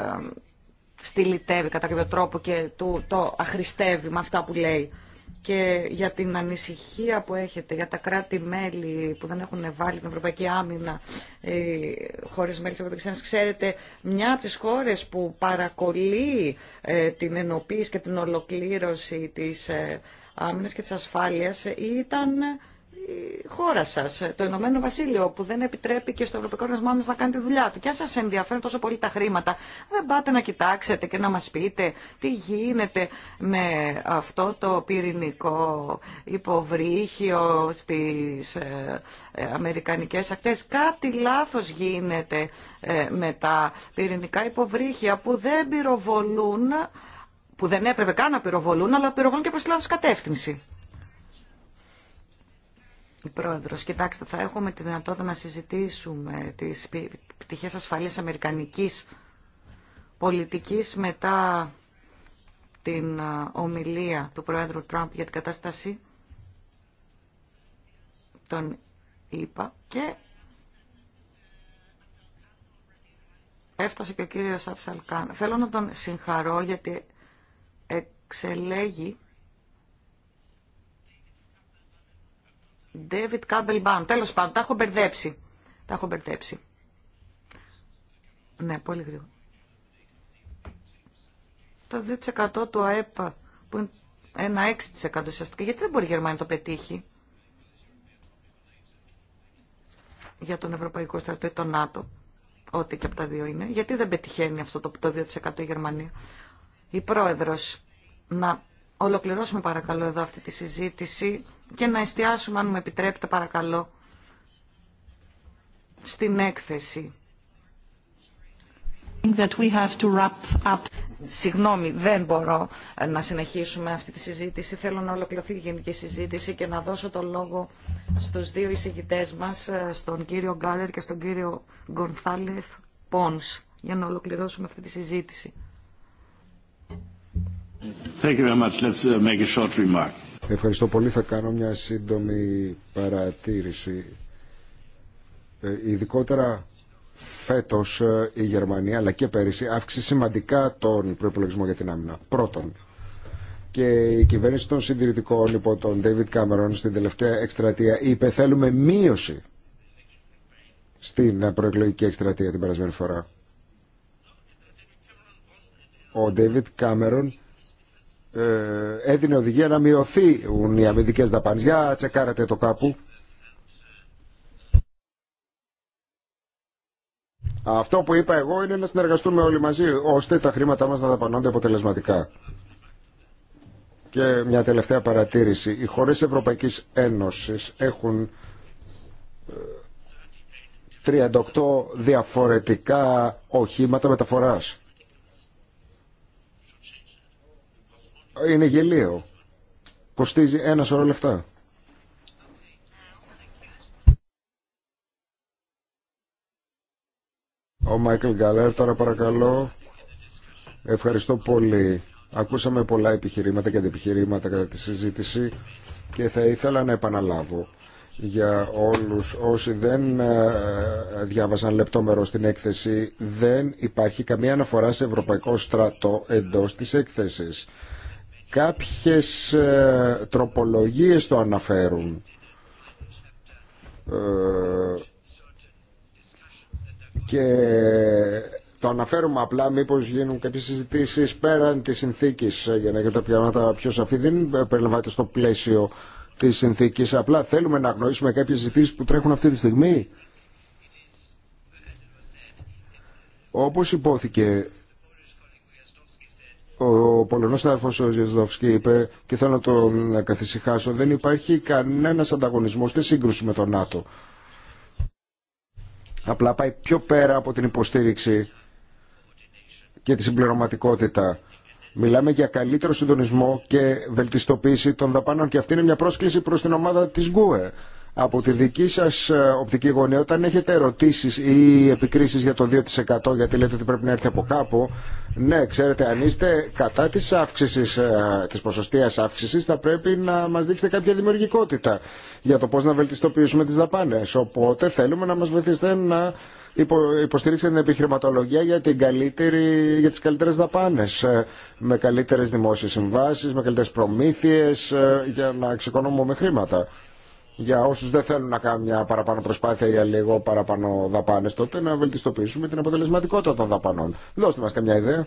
στυλιτεύει κατά κάποιο τρόπο και το αχρηστεύει με αυτά που λέει. Και για την ανησυχία που έχετε για τα κράτη-μέλη που δεν έχουν βάλει την Ευρωπαϊκή Άμυνα ε, χωρί μέλη τη Ευρωπαϊκή Ένωση, ξέρετε, μια από τι χώρε που παρακολεί ε, την ενοποίηση και την ολοκλήρωση τη ε, άμυνα και τη ασφάλεια ήταν η χώρα σα, το Ηνωμένο Βασίλειο, που δεν επιτρέπει και στο Ευρωπαϊκό Οργανισμό να κάνει τη δουλειά του. Και αν σα ενδιαφέρουν τόσο πολύ τα χρήματα, δεν πάτε να κοιτάξετε και να μα πείτε τι γίνεται με αυτό το πυρηνικό υποβρύχιο στι ε, ε, αμερικανικέ ακτέ. Κάτι λάθο γίνεται ε, με τα πυρηνικά υποβρύχια που δεν πυροβολούν, που δεν έπρεπε καν να πυροβολούν, αλλά πυροβολούν και προ τη κατεύθυνση. Πρόεδρος. Κοιτάξτε, θα έχουμε τη δυνατότητα να συζητήσουμε τις πτυχές ασφαλής αμερικανικής πολιτικής μετά την ομιλία του Πρόεδρου Τραμπ για την κατάσταση Τον είπα και έφτασε και ο κύριος Αψαλκάν. Θέλω να τον συγχαρώ γιατί εξελέγει David Campbell Τέλος πάντων, τα έχω μπερδέψει. Τα έχω μπερδέψει. Ναι, πολύ γρήγορα. Το 2% του ΑΕΠ που είναι ένα 6% ουσιαστικά. Γιατί δεν μπορεί η Γερμανία να το πετύχει για τον Ευρωπαϊκό Στρατό ή τον ΝΑΤΟ. Ό,τι και από τα δύο είναι. Γιατί δεν πετυχαίνει αυτό το 2% η Γερμανία. Η πρόεδρος να ολοκληρώσουμε παρακαλώ εδώ αυτή τη συζήτηση και να εστιάσουμε, αν μου επιτρέπετε παρακαλώ, στην έκθεση. That we have to wrap up. Συγγνώμη, δεν μπορώ ε, να συνεχίσουμε αυτή τη συζήτηση. Θέλω να ολοκληρωθεί η γενική συζήτηση και να δώσω το λόγο στους δύο εισηγητές μας, ε, στον κύριο Γκάλερ και στον κύριο Γκονθάλεθ Πόνς, για να ολοκληρώσουμε αυτή τη συζήτηση. Ευχαριστώ πολύ. Θα κάνω μια σύντομη παρατήρηση. Ε, ειδικότερα φέτος ε, η Γερμανία αλλά και πέρυσι αύξησε σημαντικά τον προπολογισμό για την άμυνα. Πρώτον, και η κυβέρνηση των συντηρητικών υπό τον David Cameron στην τελευταία εκστρατεία είπε θέλουμε μείωση στην προεκλογική εκστρατεία την περασμένη φορά. Ο David Cameron ε, έδινε οδηγία να μειωθεί οι αμυντικές δαπάνες. Για τσεκάρατε το κάπου. Αυτό που είπα εγώ είναι να συνεργαστούμε όλοι μαζί ώστε τα χρήματά μας να δαπανώνται αποτελεσματικά. Και μια τελευταία παρατήρηση. Οι χώρες Ευρωπαϊκής Ένωσης έχουν 38 ε, διαφορετικά οχήματα μεταφοράς. είναι γελίο. Κοστίζει ένα σωρό λεφτά. Ο Μάικλ Γκάλερ, τώρα παρακαλώ. Ευχαριστώ πολύ. Ακούσαμε πολλά επιχειρήματα και αντιπιχειρήματα κατά τη συζήτηση και θα ήθελα να επαναλάβω για όλους όσοι δεν ε, διάβασαν λεπτόμερο στην έκθεση δεν υπάρχει καμία αναφορά σε ευρωπαϊκό στρατό εντός της έκθεσης. Κάποιες ε, τροπολογίες το αναφέρουν. Ε, και το αναφέρουμε απλά μήπως γίνουν κάποιες συζητήσεις πέραν της συνθήκης ε, για να γίνουν τα πιο σαφή. Δεν περιλαμβάνεται στο πλαίσιο της συνθήκης. Απλά θέλουμε να γνωρίσουμε κάποιες συζητήσεις που τρέχουν αυτή τη στιγμή. Όπως υπόθηκε, ο Πολωνός συνάδελφος ο Ζεσδοφσκή είπε και θέλω να τον καθησυχάσω δεν υπάρχει κανένας ανταγωνισμός ούτε σύγκρουση με τον ΝΑΤΟ. Απλά πάει πιο πέρα από την υποστήριξη και τη συμπληρωματικότητα. Μιλάμε για καλύτερο συντονισμό και βελτιστοποίηση των δαπάνων και αυτή είναι μια πρόσκληση προς την ομάδα της ΓΚΟΕ από τη δική σας ε, οπτική γωνία όταν έχετε ερωτήσεις ή επικρίσεις για το 2% γιατί λέτε ότι πρέπει να έρθει από κάπου ναι ξέρετε αν είστε κατά της αύξησης ε, της ποσοστίας αύξησης θα πρέπει να μας δείξετε κάποια δημιουργικότητα για το πώς να βελτιστοποιήσουμε τις δαπάνες οπότε θέλουμε να μας βοηθήσετε να υποστηρίξετε την επιχειρηματολογία για, την καλύτερη, για τις καλύτερες δαπάνες ε, με καλύτερες δημόσιες συμβάσεις, με καλύτερες προμήθειες για να ξεκονομούμε χρήματα για όσους δεν θέλουν να κάνουν μια παραπάνω προσπάθεια για λίγο παραπάνω δαπάνες τότε να βελτιστοποιήσουμε την αποτελεσματικότητα των δαπανών. Δώστε μας καμιά ιδέα.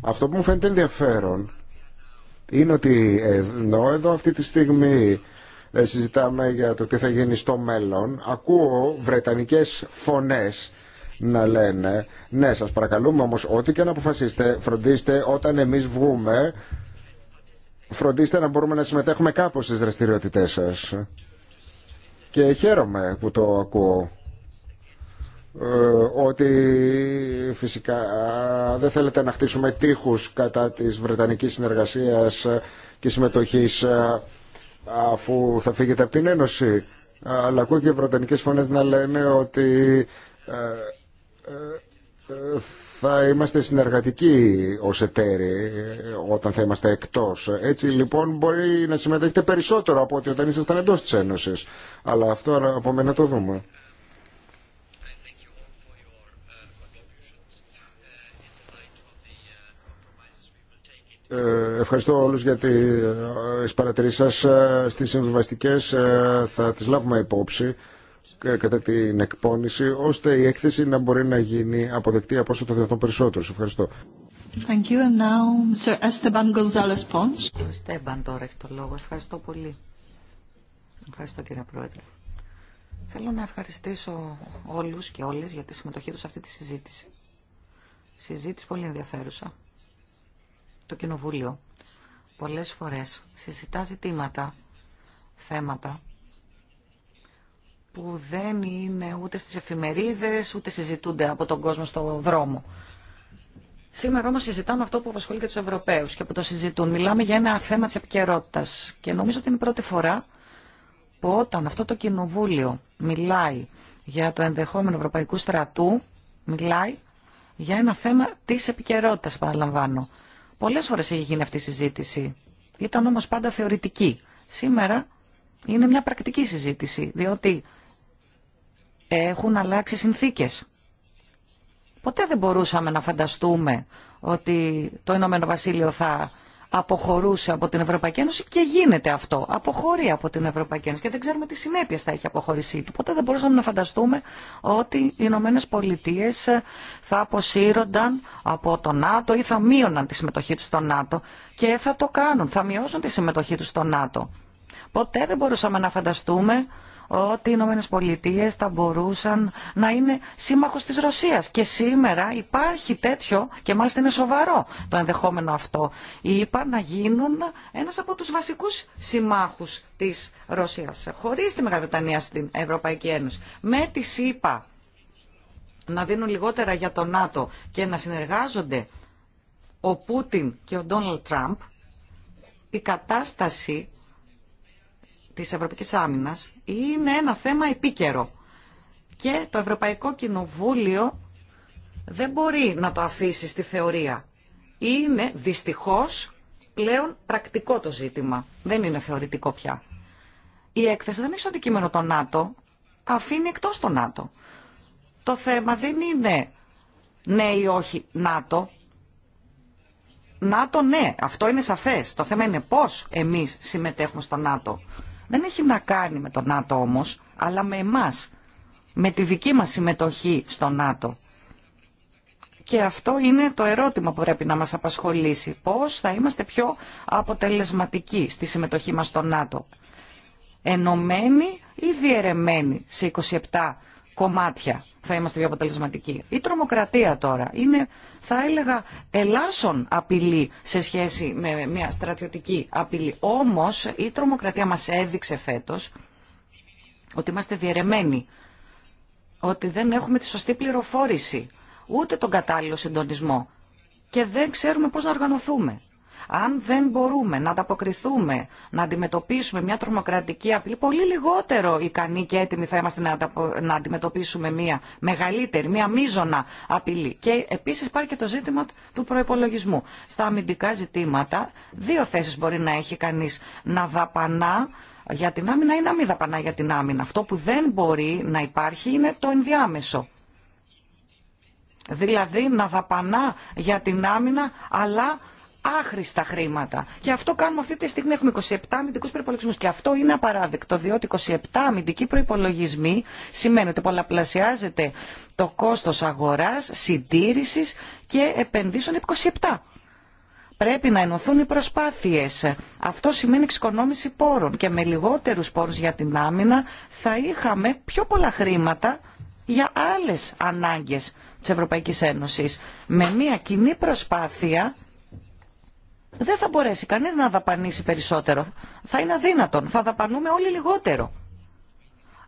Αυτό που μου φαίνεται ενδιαφέρον είναι ότι ενώ εδώ αυτή τη στιγμή ε, συζητάμε για το τι θα γίνει στο μέλλον, ακούω βρετανικές φωνές να λένε «Ναι, σας παρακαλούμε όμως, ό,τι και να αποφασίσετε, φροντίστε όταν εμείς βγούμε φροντίστε να μπορούμε να συμμετέχουμε κάπως στις δραστηριότητές σας. Και χαίρομαι που το ακούω. Ε, ότι φυσικά δεν θέλετε να χτίσουμε τείχους κατά της Βρετανικής συνεργασίας και συμμετοχής ε, αφού θα φύγετε από την Ένωση. Αλλά ακούω και οι βρετανικές φωνές να λένε ότι ε, ε θα είμαστε συνεργατικοί ως εταίροι ε, όταν θα είμαστε εκτός. Έτσι λοιπόν μπορεί να συμμετέχετε περισσότερο από ότι όταν ήσασταν εντός της Ένωσης. Αλλά αυτό από μένα το δούμε. Ε, ευχαριστώ όλους για τις ε, παρατηρήσεις σας. Στις συμβιβαστικές θα τις λάβουμε υπόψη. Ε, κατά την εκπόνηση, ώστε η έκθεση να μπορεί να γίνει αποδεκτή από όσο το δυνατόν περισσότερο. Ευχαριστώ. Thank you. And now, Gonzalez Ευχαριστώ πολύ. Ευχαριστώ κύριε Πρόεδρε. Θέλω να ευχαριστήσω όλους και όλες για τη συμμετοχή τους σε αυτή τη συζήτηση. Συζήτηση πολύ ενδιαφέρουσα. Το Κοινοβούλιο πολλές φορές συζητά ζητήματα, θέματα που δεν είναι ούτε στις εφημερίδες, ούτε συζητούνται από τον κόσμο στο δρόμο. Σήμερα όμως συζητάμε αυτό που απασχολεί και τους Ευρωπαίους και που το συζητούν. Μιλάμε για ένα θέμα της επικαιρότητα. και νομίζω ότι είναι η πρώτη φορά που όταν αυτό το κοινοβούλιο μιλάει για το ενδεχόμενο ευρωπαϊκού στρατού, μιλάει για ένα θέμα της επικαιρότητα, παραλαμβάνω. Πολλές φορές έχει γίνει αυτή η συζήτηση. Ήταν όμως πάντα θεωρητική. Σήμερα είναι μια πρακτική συζήτηση, διότι έχουν αλλάξει συνθήκες. Ποτέ δεν μπορούσαμε να φανταστούμε ότι το Ηνωμένο Βασίλειο θα αποχωρούσε από την Ευρωπαϊκή Ένωση και γίνεται αυτό. Αποχωρεί από την Ευρωπαϊκή Ένωση και δεν ξέρουμε τι συνέπειε θα έχει αποχωρησει του. Ποτέ δεν μπορούσαμε να φανταστούμε ότι οι Ηνωμένε Πολιτείε θα αποσύρονταν από το ΝΑΤΟ ή θα μείωναν τη συμμετοχή του στο ΝΑΤΟ και θα το κάνουν, θα μειώσουν τη συμμετοχή του στο ΝΑΤΟ. Ποτέ δεν μπορούσαμε να φανταστούμε ότι οι Ηνωμένε Πολιτείε θα μπορούσαν να είναι σύμμαχο της Ρωσίας. Και σήμερα υπάρχει τέτοιο, και μάλιστα είναι σοβαρό το ενδεχόμενο αυτό, είπα να γίνουν ένα από τους βασικούς συμμάχου της Ρωσία. Χωρί τη Μεγάλη Βρετανία στην Ευρωπαϊκή Ένωση. Με τη ΣΥΠΑ να δίνουν λιγότερα για το ΝΑΤΟ και να συνεργάζονται ο Πούτιν και ο Ντόναλτ Τραμπ, η κατάσταση της Ευρωπαϊκής Άμυνας είναι ένα θέμα επίκαιρο. Και το Ευρωπαϊκό Κοινοβούλιο δεν μπορεί να το αφήσει στη θεωρία. Είναι δυστυχώς πλέον πρακτικό το ζήτημα. Δεν είναι θεωρητικό πια. Η έκθεση δεν είναι στο αντικείμενο το ΝΑΤΟ. Αφήνει εκτός το ΝΑΤΟ. Το θέμα δεν είναι ναι ή όχι ΝΑΤΟ. ΝΑΤΟ ναι, αυτό είναι σαφές. Το θέμα είναι πώς εμείς συμμετέχουμε στο ΝΑΤΟ δεν έχει να κάνει με τον ΝΑΤΟ όμως, αλλά με εμάς, με τη δική μας συμμετοχή στον ΝΑΤΟ. Και αυτό είναι το ερώτημα που πρέπει να μας απασχολήσει. Πώς θα είμαστε πιο αποτελεσματικοί στη συμμετοχή μας στο ΝΑΤΟ. Ενωμένοι ή διαιρεμένοι σε 27 κομμάτια θα είμαστε πιο αποτελεσματικοί. Η τρομοκρατία τώρα είναι, θα έλεγα, ελάσσον απειλή σε σχέση με μια στρατιωτική απειλή. Όμως η τρομοκρατία μας έδειξε φέτος ότι είμαστε διαιρεμένοι, ότι δεν έχουμε τη σωστή πληροφόρηση, ούτε τον κατάλληλο συντονισμό και δεν ξέρουμε πώς να οργανωθούμε. Αν δεν μπορούμε να ανταποκριθούμε, να αντιμετωπίσουμε μια τρομοκρατική απειλή, πολύ λιγότερο ικανοί και έτοιμοι θα είμαστε να, να αντιμετωπίσουμε μια μεγαλύτερη, μια μείζωνα απειλή. Και επίση υπάρχει και το ζήτημα του προπολογισμού. Στα αμυντικά ζητήματα, δύο θέσει μπορεί να έχει κανεί να δαπανά για την άμυνα ή να μην δαπανά για την άμυνα. Αυτό που δεν μπορεί να υπάρχει είναι το ενδιάμεσο. Δηλαδή να δαπανά για την άμυνα αλλά άχρηστα χρήματα. Και αυτό κάνουμε αυτή τη στιγμή. Έχουμε 27 αμυντικού προπολογισμού. Και αυτό είναι απαράδεκτο, διότι 27 αμυντικοί προπολογισμοί σημαίνει ότι πολλαπλασιάζεται το κόστο αγορά, συντήρηση και επενδύσεων επί 27. Πρέπει να ενωθούν οι προσπάθειες. Αυτό σημαίνει εξοικονόμηση πόρων και με λιγότερου πόρου για την άμυνα θα είχαμε πιο πολλά χρήματα για άλλες ανάγκες της Ευρωπαϊκής Ένωσης. Με μια κοινή προσπάθεια δεν θα μπορέσει κανείς να δαπανίσει περισσότερο. Θα είναι αδύνατον. Θα δαπανούμε όλοι λιγότερο.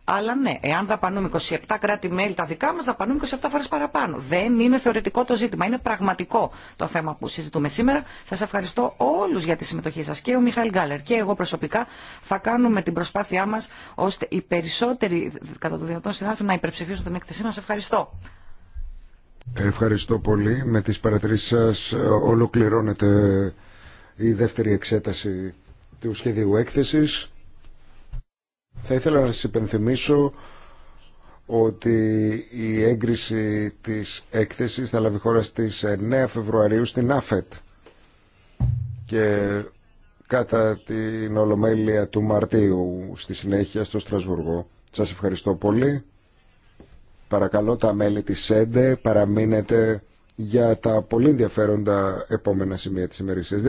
Αλλά ναι, εάν δαπανούμε 27 κράτη-μέλη τα δικά μας, δαπανούμε 27 φορές παραπάνω. Δεν είναι θεωρητικό το ζήτημα, είναι πραγματικό το θέμα που συζητούμε σήμερα. Σας ευχαριστώ όλους για τη συμμετοχή σας και ο Μιχαήλ Γκάλερ και εγώ προσωπικά θα κάνουμε την προσπάθειά μας ώστε οι περισσότεροι κατά το δυνατόν συνάδελφοι να υπερψηφίσουν την έκθεσή μας. Ευχαριστώ. Ευχαριστώ πολύ. Με τις παρατηρήσεις σας ε, ολοκληρώνεται η δεύτερη εξέταση του σχεδίου έκθεσης. Θα ήθελα να σας υπενθυμίσω ότι η έγκριση της έκθεσης θα λάβει χώρα στις 9 Φεβρουαρίου στην ΑΦΕΤ και κατά την Ολομέλεια του Μαρτίου στη συνέχεια στο Στρασβουργό. Σας ευχαριστώ πολύ. Παρακαλώ τα μέλη της ΣΕΝΤΕ παραμείνετε για τα πολύ ενδιαφέροντα επόμενα σημεία της ημερησίας.